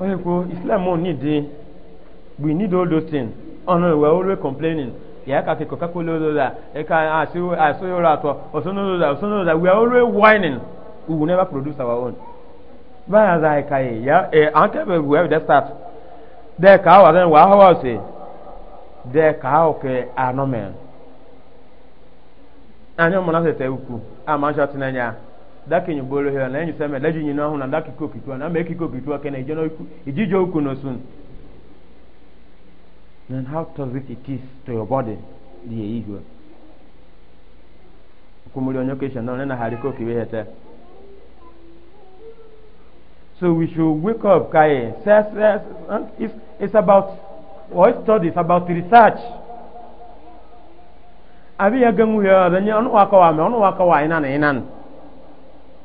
oye ko islam o need dey we need all those things ọ̀nà ìwà olórí complaining yàrá kàkẹ́ kọ̀ọ̀ká kó lóòótọ́ dà ẹ̀ka àṣeyọrọ àtọ̀ ọ̀ṣọ́nọ́dọ̀ dà ọ̀ṣọ́nọ́dọ̀ dà we are always whining we will never produce our own. báyà zà ẹ̀ka yìí yà ẹ̀ à ń kẹ́bẹ̀ wẹ̀ ẹ̀ start dẹ̀ ká wà sẹ́yìn wà á họ́wọ́ ọ̀sẹ̀ dẹ̀ ká òkè ànọ́mẹ̀. ànyọ́ mọ̀ náà tẹ̀tẹ̀ ukú àmọ́ ṣọ́ọ̀tì náà yà daki nyobolo hela na enyu seme leji nyina huna daki ko kitwa na meki ko kitwa kena ijeno ijijo uku no soon then how toxic it is to your body ndiye hivyo kumuli onyokesha na nena haliko kibehete so we should wake up kai says it's, it's about what study it's about research abi ya gamu ya danya onu wakawa me onu wakawa ina na ina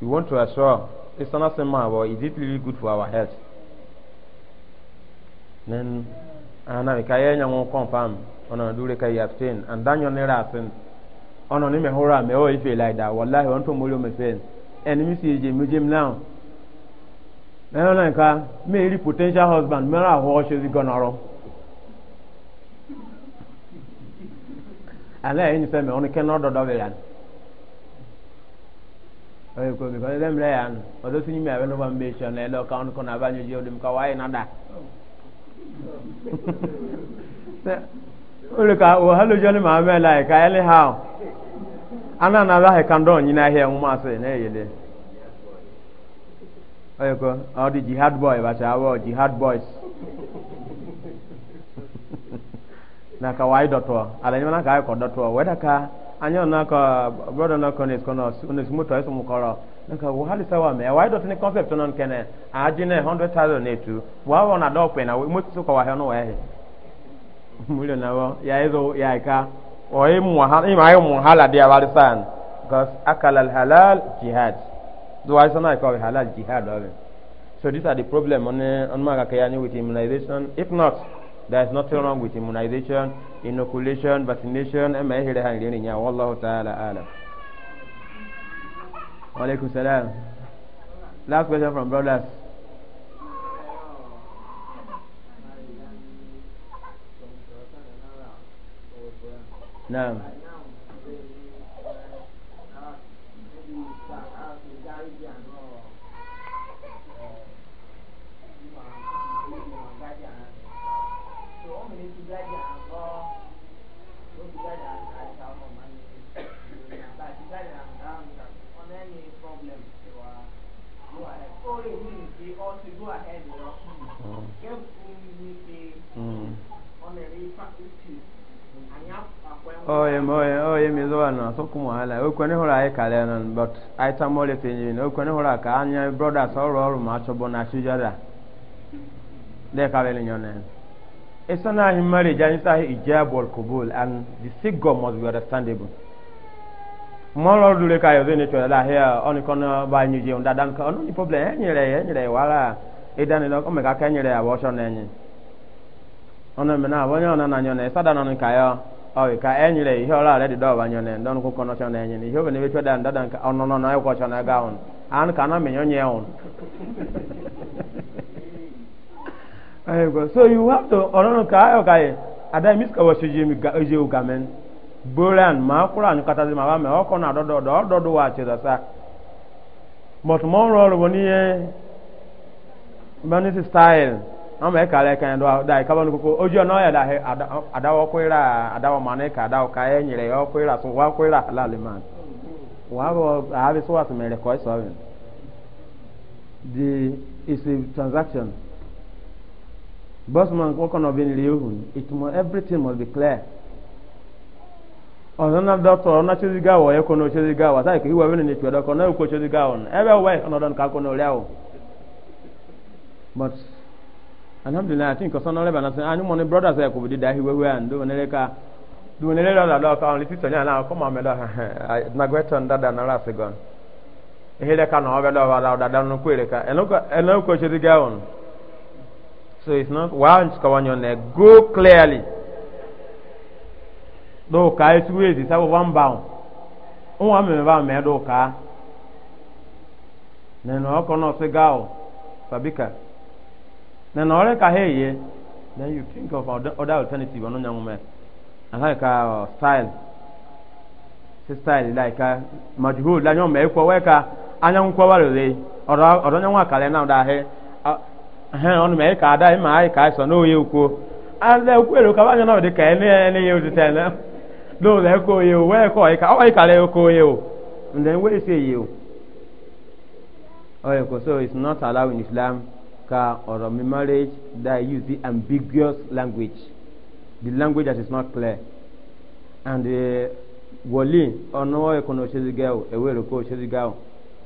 we want to assure it's not sema but is it really good for our health then ana mi ka ye nya mo confirm ona dure ka ya abstain and danyo ne rasin ona ni me hora me o ife like that wallahi on to mo lo me fen and mi see, je mi je now na ona ka me ri potential husband me ra ho she zi gonoro ala yin se me on ke no do do be oye ko bi ko dem le yan o do sunyi me abeno mbe cho na lo kaun ko na ba nyu jo dim ka wai na da ole ka o halu jo ni ma me la ka ele ha ana na ba he kan don nyi na he ma se eh, na yele eh. oye ko o di jihad boy ba cha wo jihad boys na ka wai do to ala ni na ka ko do to weda ka anya na ka brother na konis kono onis moto eso mu koro nka wo hali sawa me why dot ni concept non kene aji na 100000 na etu wa wa na dope na moto so ka wa he no wa he mulio na wo ya ezo ya ka o e mu ha e ma e mu hala dia wali san because akala halal jihad do I sana ka halal jihad so these are the problems on eh, on ma ka ya ni with immunization if not There is nothing wrong with immunization, inoculation, vaccination, and my hair hanging in your Allah Ta'ala Alam. Walaikum salam. Last question from brothers. No. oye moye oye mi zuwa na so kuma ala o kwani hora ai kale nan but ai ta mole tinyi na o kwani hora ka anya brother so ro ro ma so bo na shi jada de ka bele nyone isana hi mari jani sa ijab wal qubul and the sick sigo must be understandable mọlọ dule ka yọ zene tọ la hia ọni kọnọ ba nyi je onda dan ka ọno ni problem e nyere e nyere wala e dan lo ko ka ka nyere abọ so na enyi ọno me na abọ nyọ na na na isada na ni ka yọ oyi ka enyire ihe ọla alẹ dịdọ ọba nyọ ndọ nkụ kọnọ chọ enyi ihe obi n'ebe tweda ndada nke ọnụnọ na ịkwọ chọ na ga ahụ an ka na menyo nye ahụ oyi go so you have to ọlọrun ka ayọ ka ada mi sika wọsi ji mi ga oji oga men boran ma akwụrụ anyụ katazi ma ba mee ọkọ na adọdọ ọdọ ọdọdọ wa chịrị sa but mọ ọrụ ọrụ bụ n'ihe mmanụ style wọn ka kala kan do da ka ban ko ojo no ya da he adawo ko adawo mane ka ka ye nyire yo so wa man wa bo a bi mere ko so the is a transaction bossman ko kono bin lihun it must everything must be clear ọ̀sán náà dọ́tọ̀ ọ̀nà chezi kì í náà ẹ̀bẹ̀ ọ̀nà náà àwọ̀ alhamdulilayi ati nkɔsɔn n'ɔlɛ bana sɛ anyi mɔni broda sɛ kò bi di da hi wewe an do ne ka do ne lɛ lɔ lɔ kan liti sɔnyɛ ala kɔmi amɛ lɔ hɛhɛ nagoɛ tɔn dada n'ala se gɔn ehe lɛ ka n'ɔbɛ lɔ wala dada nu ko ere ka ɛnɛ ko sori gɛ wɔn so it's not wa kawa nyɔ nɛ go clearly do ka esu ezi sabu wa n ba o n wa mɛmɛ ba mɛ do ka nɛnɛ ɔkɔ n'ɔsi ga fabika. na na ọrịa ka ha eye then you think of other alternative ọ̀nà ọ̀nyà nwụmẹ aha ka style si style like majhul anya ọmọ ekwe wee ka anya nkwọ warere ọrụ ọ̀nyà nwa akara na ọ̀dà ahị ahị ọnụ ma ka ada ma anyị ka sọ n'oye ukwu ala ekwu ero ka anya na ọdị ka ene ene ya otite ene n'ụlọ ekwe oye o wee ka ọyịka ọyị kara ekwe oye o ndị wee si eye o ọyịkọ so it's not allowed in Islam. ka or marriage that use the ambiguous language the language that is not clear and the uh, wali ọ̀nà ẹ̀kọ́nà òṣèlúgà ò ẹ̀wé rẹ̀ kó òṣèlúgà ò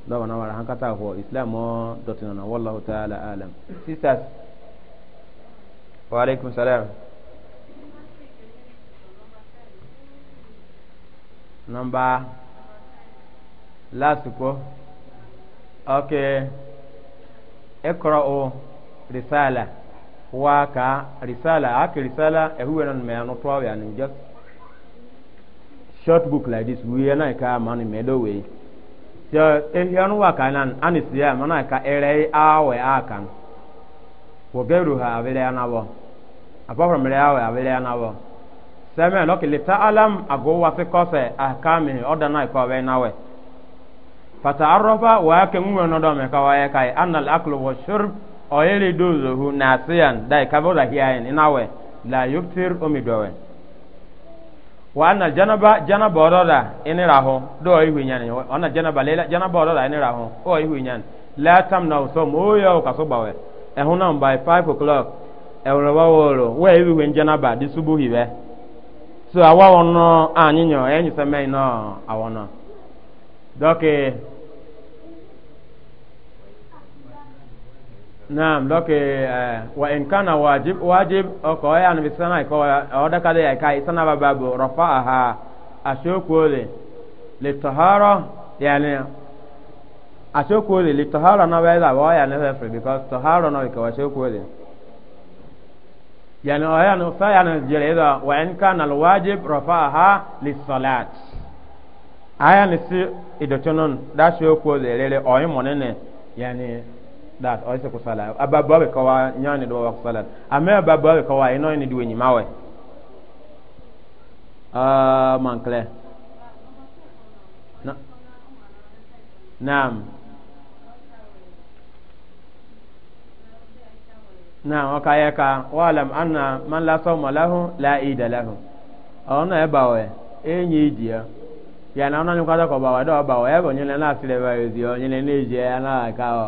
lọ́wọ́ náà wàrà hankata àwọ̀ islam ọ̀ dọ̀tí nà wọ́lá ọ̀tá àlà àlàm. sisters wa aleykum salaam. number last kọ́ okay. ikra'u risala wa ka risala aka risala ehuwe nan me anu twa ya just short book like this we na ka man me do we so ehi e anu wa ka nan anisiya mana ka ere e awe akan wo geru ha avele anabo apart from ere awe avele anabo sẹ́mi ẹ̀ lọ́kìlì tá alam àgọ́wọ́sí kọ́sẹ̀ àkàmì ọ̀dà náà ìkọ́ ọ̀bẹ náà wẹ̀. fata'arrafa wa ake nwe no dome ka waye kai annal aklu wa shurb o yele dozuhu nasiyan dai ka bola hiyan inawe la yuftir umidowe wa janaba janaba orora do ona janaba lela janaba orora o ihu nyani la tamna so mo yo ka so bawe e by 5 o'clock e we ihu we janaba disubuhi be so awa wono anyinyo enyi semen naam lɔke eh, wa in kana wajib wajib ɔkɔ ɔyɛ eh, anu bi sana ikɔ ɔda eh, ka de yɛ ka isana ba ba bo rɔfa aha asokoole le tɔhɔrɔ yɛlɛ asokoole le tɔhɔrɔ na bɛ la wɔ yɛ ne fɛ fɛ because tɔhɔrɔ na kɛ wa asokoole yɛlɛ ɔyɛ anu sa yɛ anu jɛlɛ yɛ wa in kana wajib rɔfa aha le sɔlaat ayɛ ni si idɔtɔnɔ da asokoole lele ɔyɛ mɔnene yɛlɛ that o se kusala ababa be kawa nyani do kusala ame ababa be kawa ino ni duwe nyimawe ah uh, mankle na naam naam wakayaka walam anna man la sawma lahu la ida lahu ona ebawe enyi idia ya na ona nyukata kwa bawa do bawa ebo nyele na asile ba yezi o nyele neje ana ka o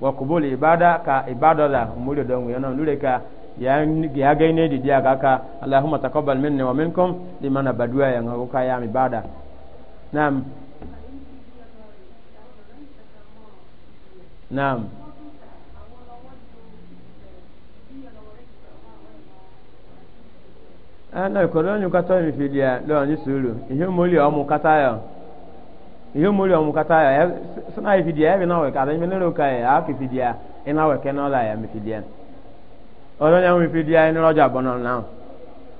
wa ibada ka ibada la mulio dongu yana lule ka ya ya gaine di dia kaka allahumma taqabbal minni wa minkum limana badua yang ka ya ibada naam naam ana ko don yu ka to mi fidia don yi suru ihe moli o mu kata yo ihe omori ọmụ kata ya sina ya fidia ya bi na weka ada nyere oka ya afi fidia ina weka na ọla ya mi fidia ọdọ ya mi fidia ni rọja bọ na na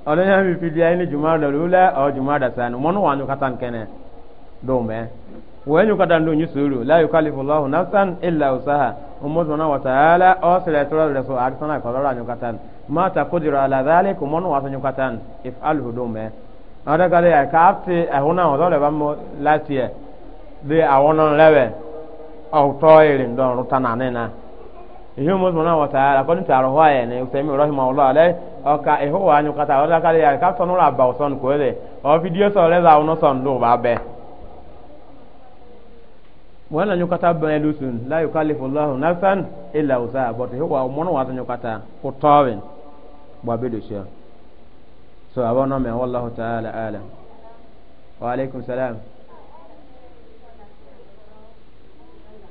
mifidi ya mi fidia ni juma da lula ọ juma da sanu mọnu wa nyukata nkene do me wee nyukata ndo nyi suru la yukalifu allah nafsan illa usaha ummu subhana wa ta'ala o sira tura da so arsana ko ra nyukata ma ta qudira ala zalik mọnu wa nyukata if alhu do me ada kale ya ka afti ehuna ọdọ le ba mo last year de awonon lewe awtoyiri don rutana nena ihe mo sona wa taala ko nta ro waye ne usemi rahima allah ale o ka e ho anyu kata o ka ya ka sonu la ba oson ko le o video so le za ono son do ba be wala nyu kata ba lusun la yukallifu allah nafsan illa wusa but he wa mo no wa nyu kata ko tawin ba be do so abona me wallahu taala alam wa alaikum salam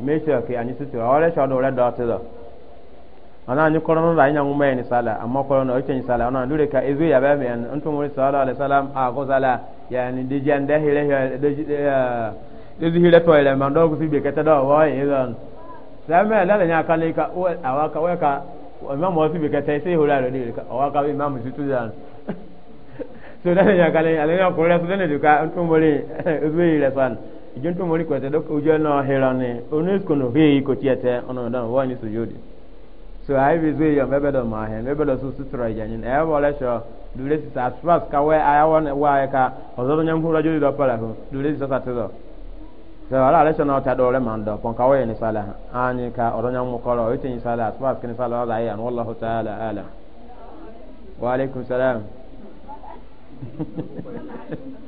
mesha ke anyi sutura wale shawada wale da wata da ana anyi kɔrɔn da anya ŋun bɛyɛ ni sala amma kɔrɔn da o cɛ ni sala ana lure ka ezu ya bɛ mɛn n tun wuli sala alayhi salam a ko sala yanni dijan da hire dezi hire tɔ yɛlɛ man dɔw kusi bi kɛtɛ dɔw wɔɔyi yi zan sɛmɛ lɛlɛ nya kan le ka awa ka wɛ ka imam wɔ si bi kɛtɛ se hore alo de ka awa ka bi imam si tu zan so lɛlɛ nya kan le ale nya kɔrɔ lɛ so lɛlɛ de ka n tun wuli ezu yi lɛ san ijonto mori kwete dok ujo no herane onesko no he ko tiete ono dan wani sujudi so i be say ya mebe do ma he mebe do su sutra janyin e wole sho dure si as far as ka we i want wa ka ozo nyam hura jodi do pala ho dure si sa tedo so ala ale sho no ta do le man do pon ka we ni sala ani ka ozo nyam mu koro ite ni sala as far as kin sala ala ya wallahu taala ala wa alaikum salam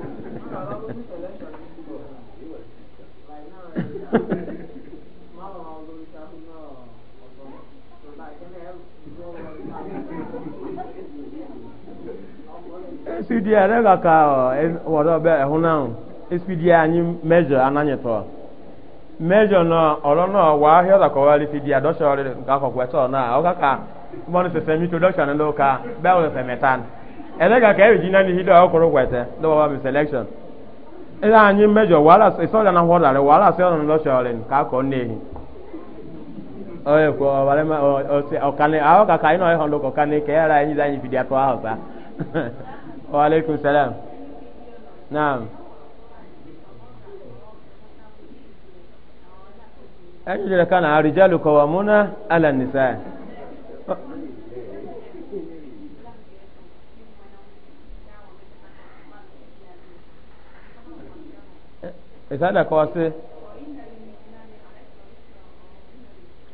spidi a ɛrɛ ka ka ɔ wɔdɔ bɛ ɛhunan spidi a anyi mɛzɔ ananyɛtɔ mɛzɔ nọ ɔlɔ nɔ wa hɛ ɔlɔ kɔwa li spidi a ka mɔni sɛsɛ mi to dɔsɛ ni lɔ ka bɛɛ wɔlɛ ka kɛ ɛyɛ jina ni hi dɔ ɔkɔrɔ kɔɛtɛ dɔwɔ ba mi selection ɛrɛ anyi mɛzɔ wala sɔlɔ na hɔlɔ na ɔyɛ hɔn do kɔkani kɛ ɛrɛ anyi zanyi fidi atɔ ahɔ وعليكم السلام نعم أجل كان الرجال قوامون على النساء إسالة كواسي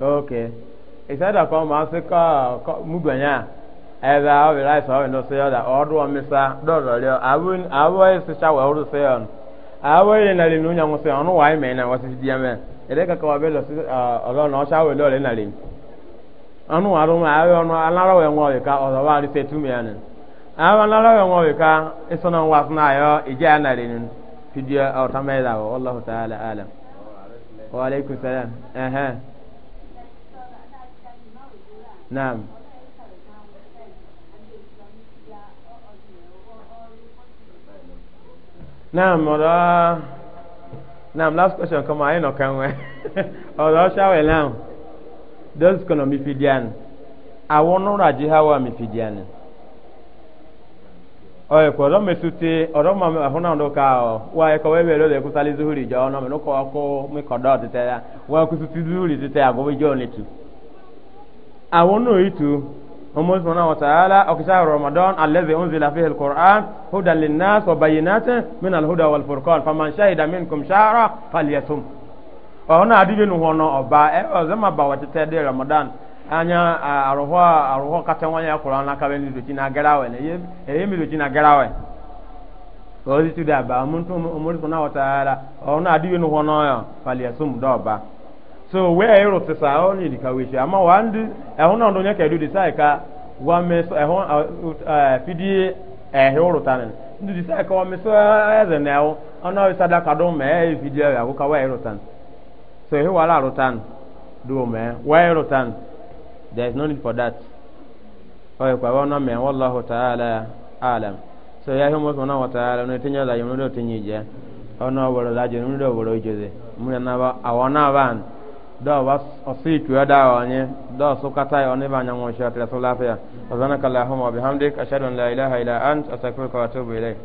أوكي إسالة كواسي كمبنيا ebe a ọbịa raịs ọbịa ndị sịrị ọda ọdụ ọmịsa dọdọrịọ abụọ esicha wee ọrụ sịrị ọnụ abụọ ile na nwụsị ọnụ wa ime na wasị dị eme ede ka kawa belo si na ọcha wee dọrị na ọnụ wa arụma abịa ọnụ alara wee nwa ọbịa ọzọ wa arịsa etu ya nị abịa alara wee nwa ịsọ na nwa ayọ ije ya ọta ọlọhụ ala ehe naam Naam, ọ̀rọ̀ naam last question kọ́ máa yín nà kàn wẹ́ ọ̀rọ̀ ṣáwẹ̀ naam those kọ́nà mi fi díà ni àwọn ọ̀nà àjíháwá mi fi díà ni. Oye kwa ọ̀rọ̀ mesuti ọ̀rọ̀ ma ahụ na ndụka ọ wa ịkọ wee were ụlọ ekwusali zuhuri jọ ọnụ mị ọkụ mị kọdọ ọtịta ya wa kwụsịtị zuhuri tịta ya gọbụ ijọ n'etu. هم سبحانه وتعالى أو كتاب رمضان الذي أنزل فيه القرآن هدى للناس وبينات من الهدى والفرقان فمن شهد منكم شهرا فليصم وهنا أديب نهونا أبا زما با وتتدي رمضان anya aruhɔ aruhɔ kata wanya akɔrɔ anaka bɛ nidoki na agarawe na eye midoki na agarawe ɔsi tu da ba ɔmuntu ɔmɔri sɔnna wɔtaara ɔno adiwe no hɔ n'ɔyɔ faliyasom dɔɔba. so wee ịrụtịsa onye dịka wechi ama wa ndị ehụ na ndụ onye di dịsa ka wa meso ehụ fidi ndị dịsa ka wame meso eze na ọnụ ọrụ sada kado mee fidi ehi agụka wee ịrụtanị so ehi wara rutan do mee wee ịrụtanị there is no need for that ọ ịkwa wa ọnụ mee wallahu ta'ala alam so ya na dɔw ba ɔsi tuya daa wa nye dɔw so kata yi ɔne ba nya ŋun si a tɛrɛ so lafiya. wa zanaka lahumma bihamdik ashadu an la ilaha illa ant astaghfiruka wa atubu ilayk.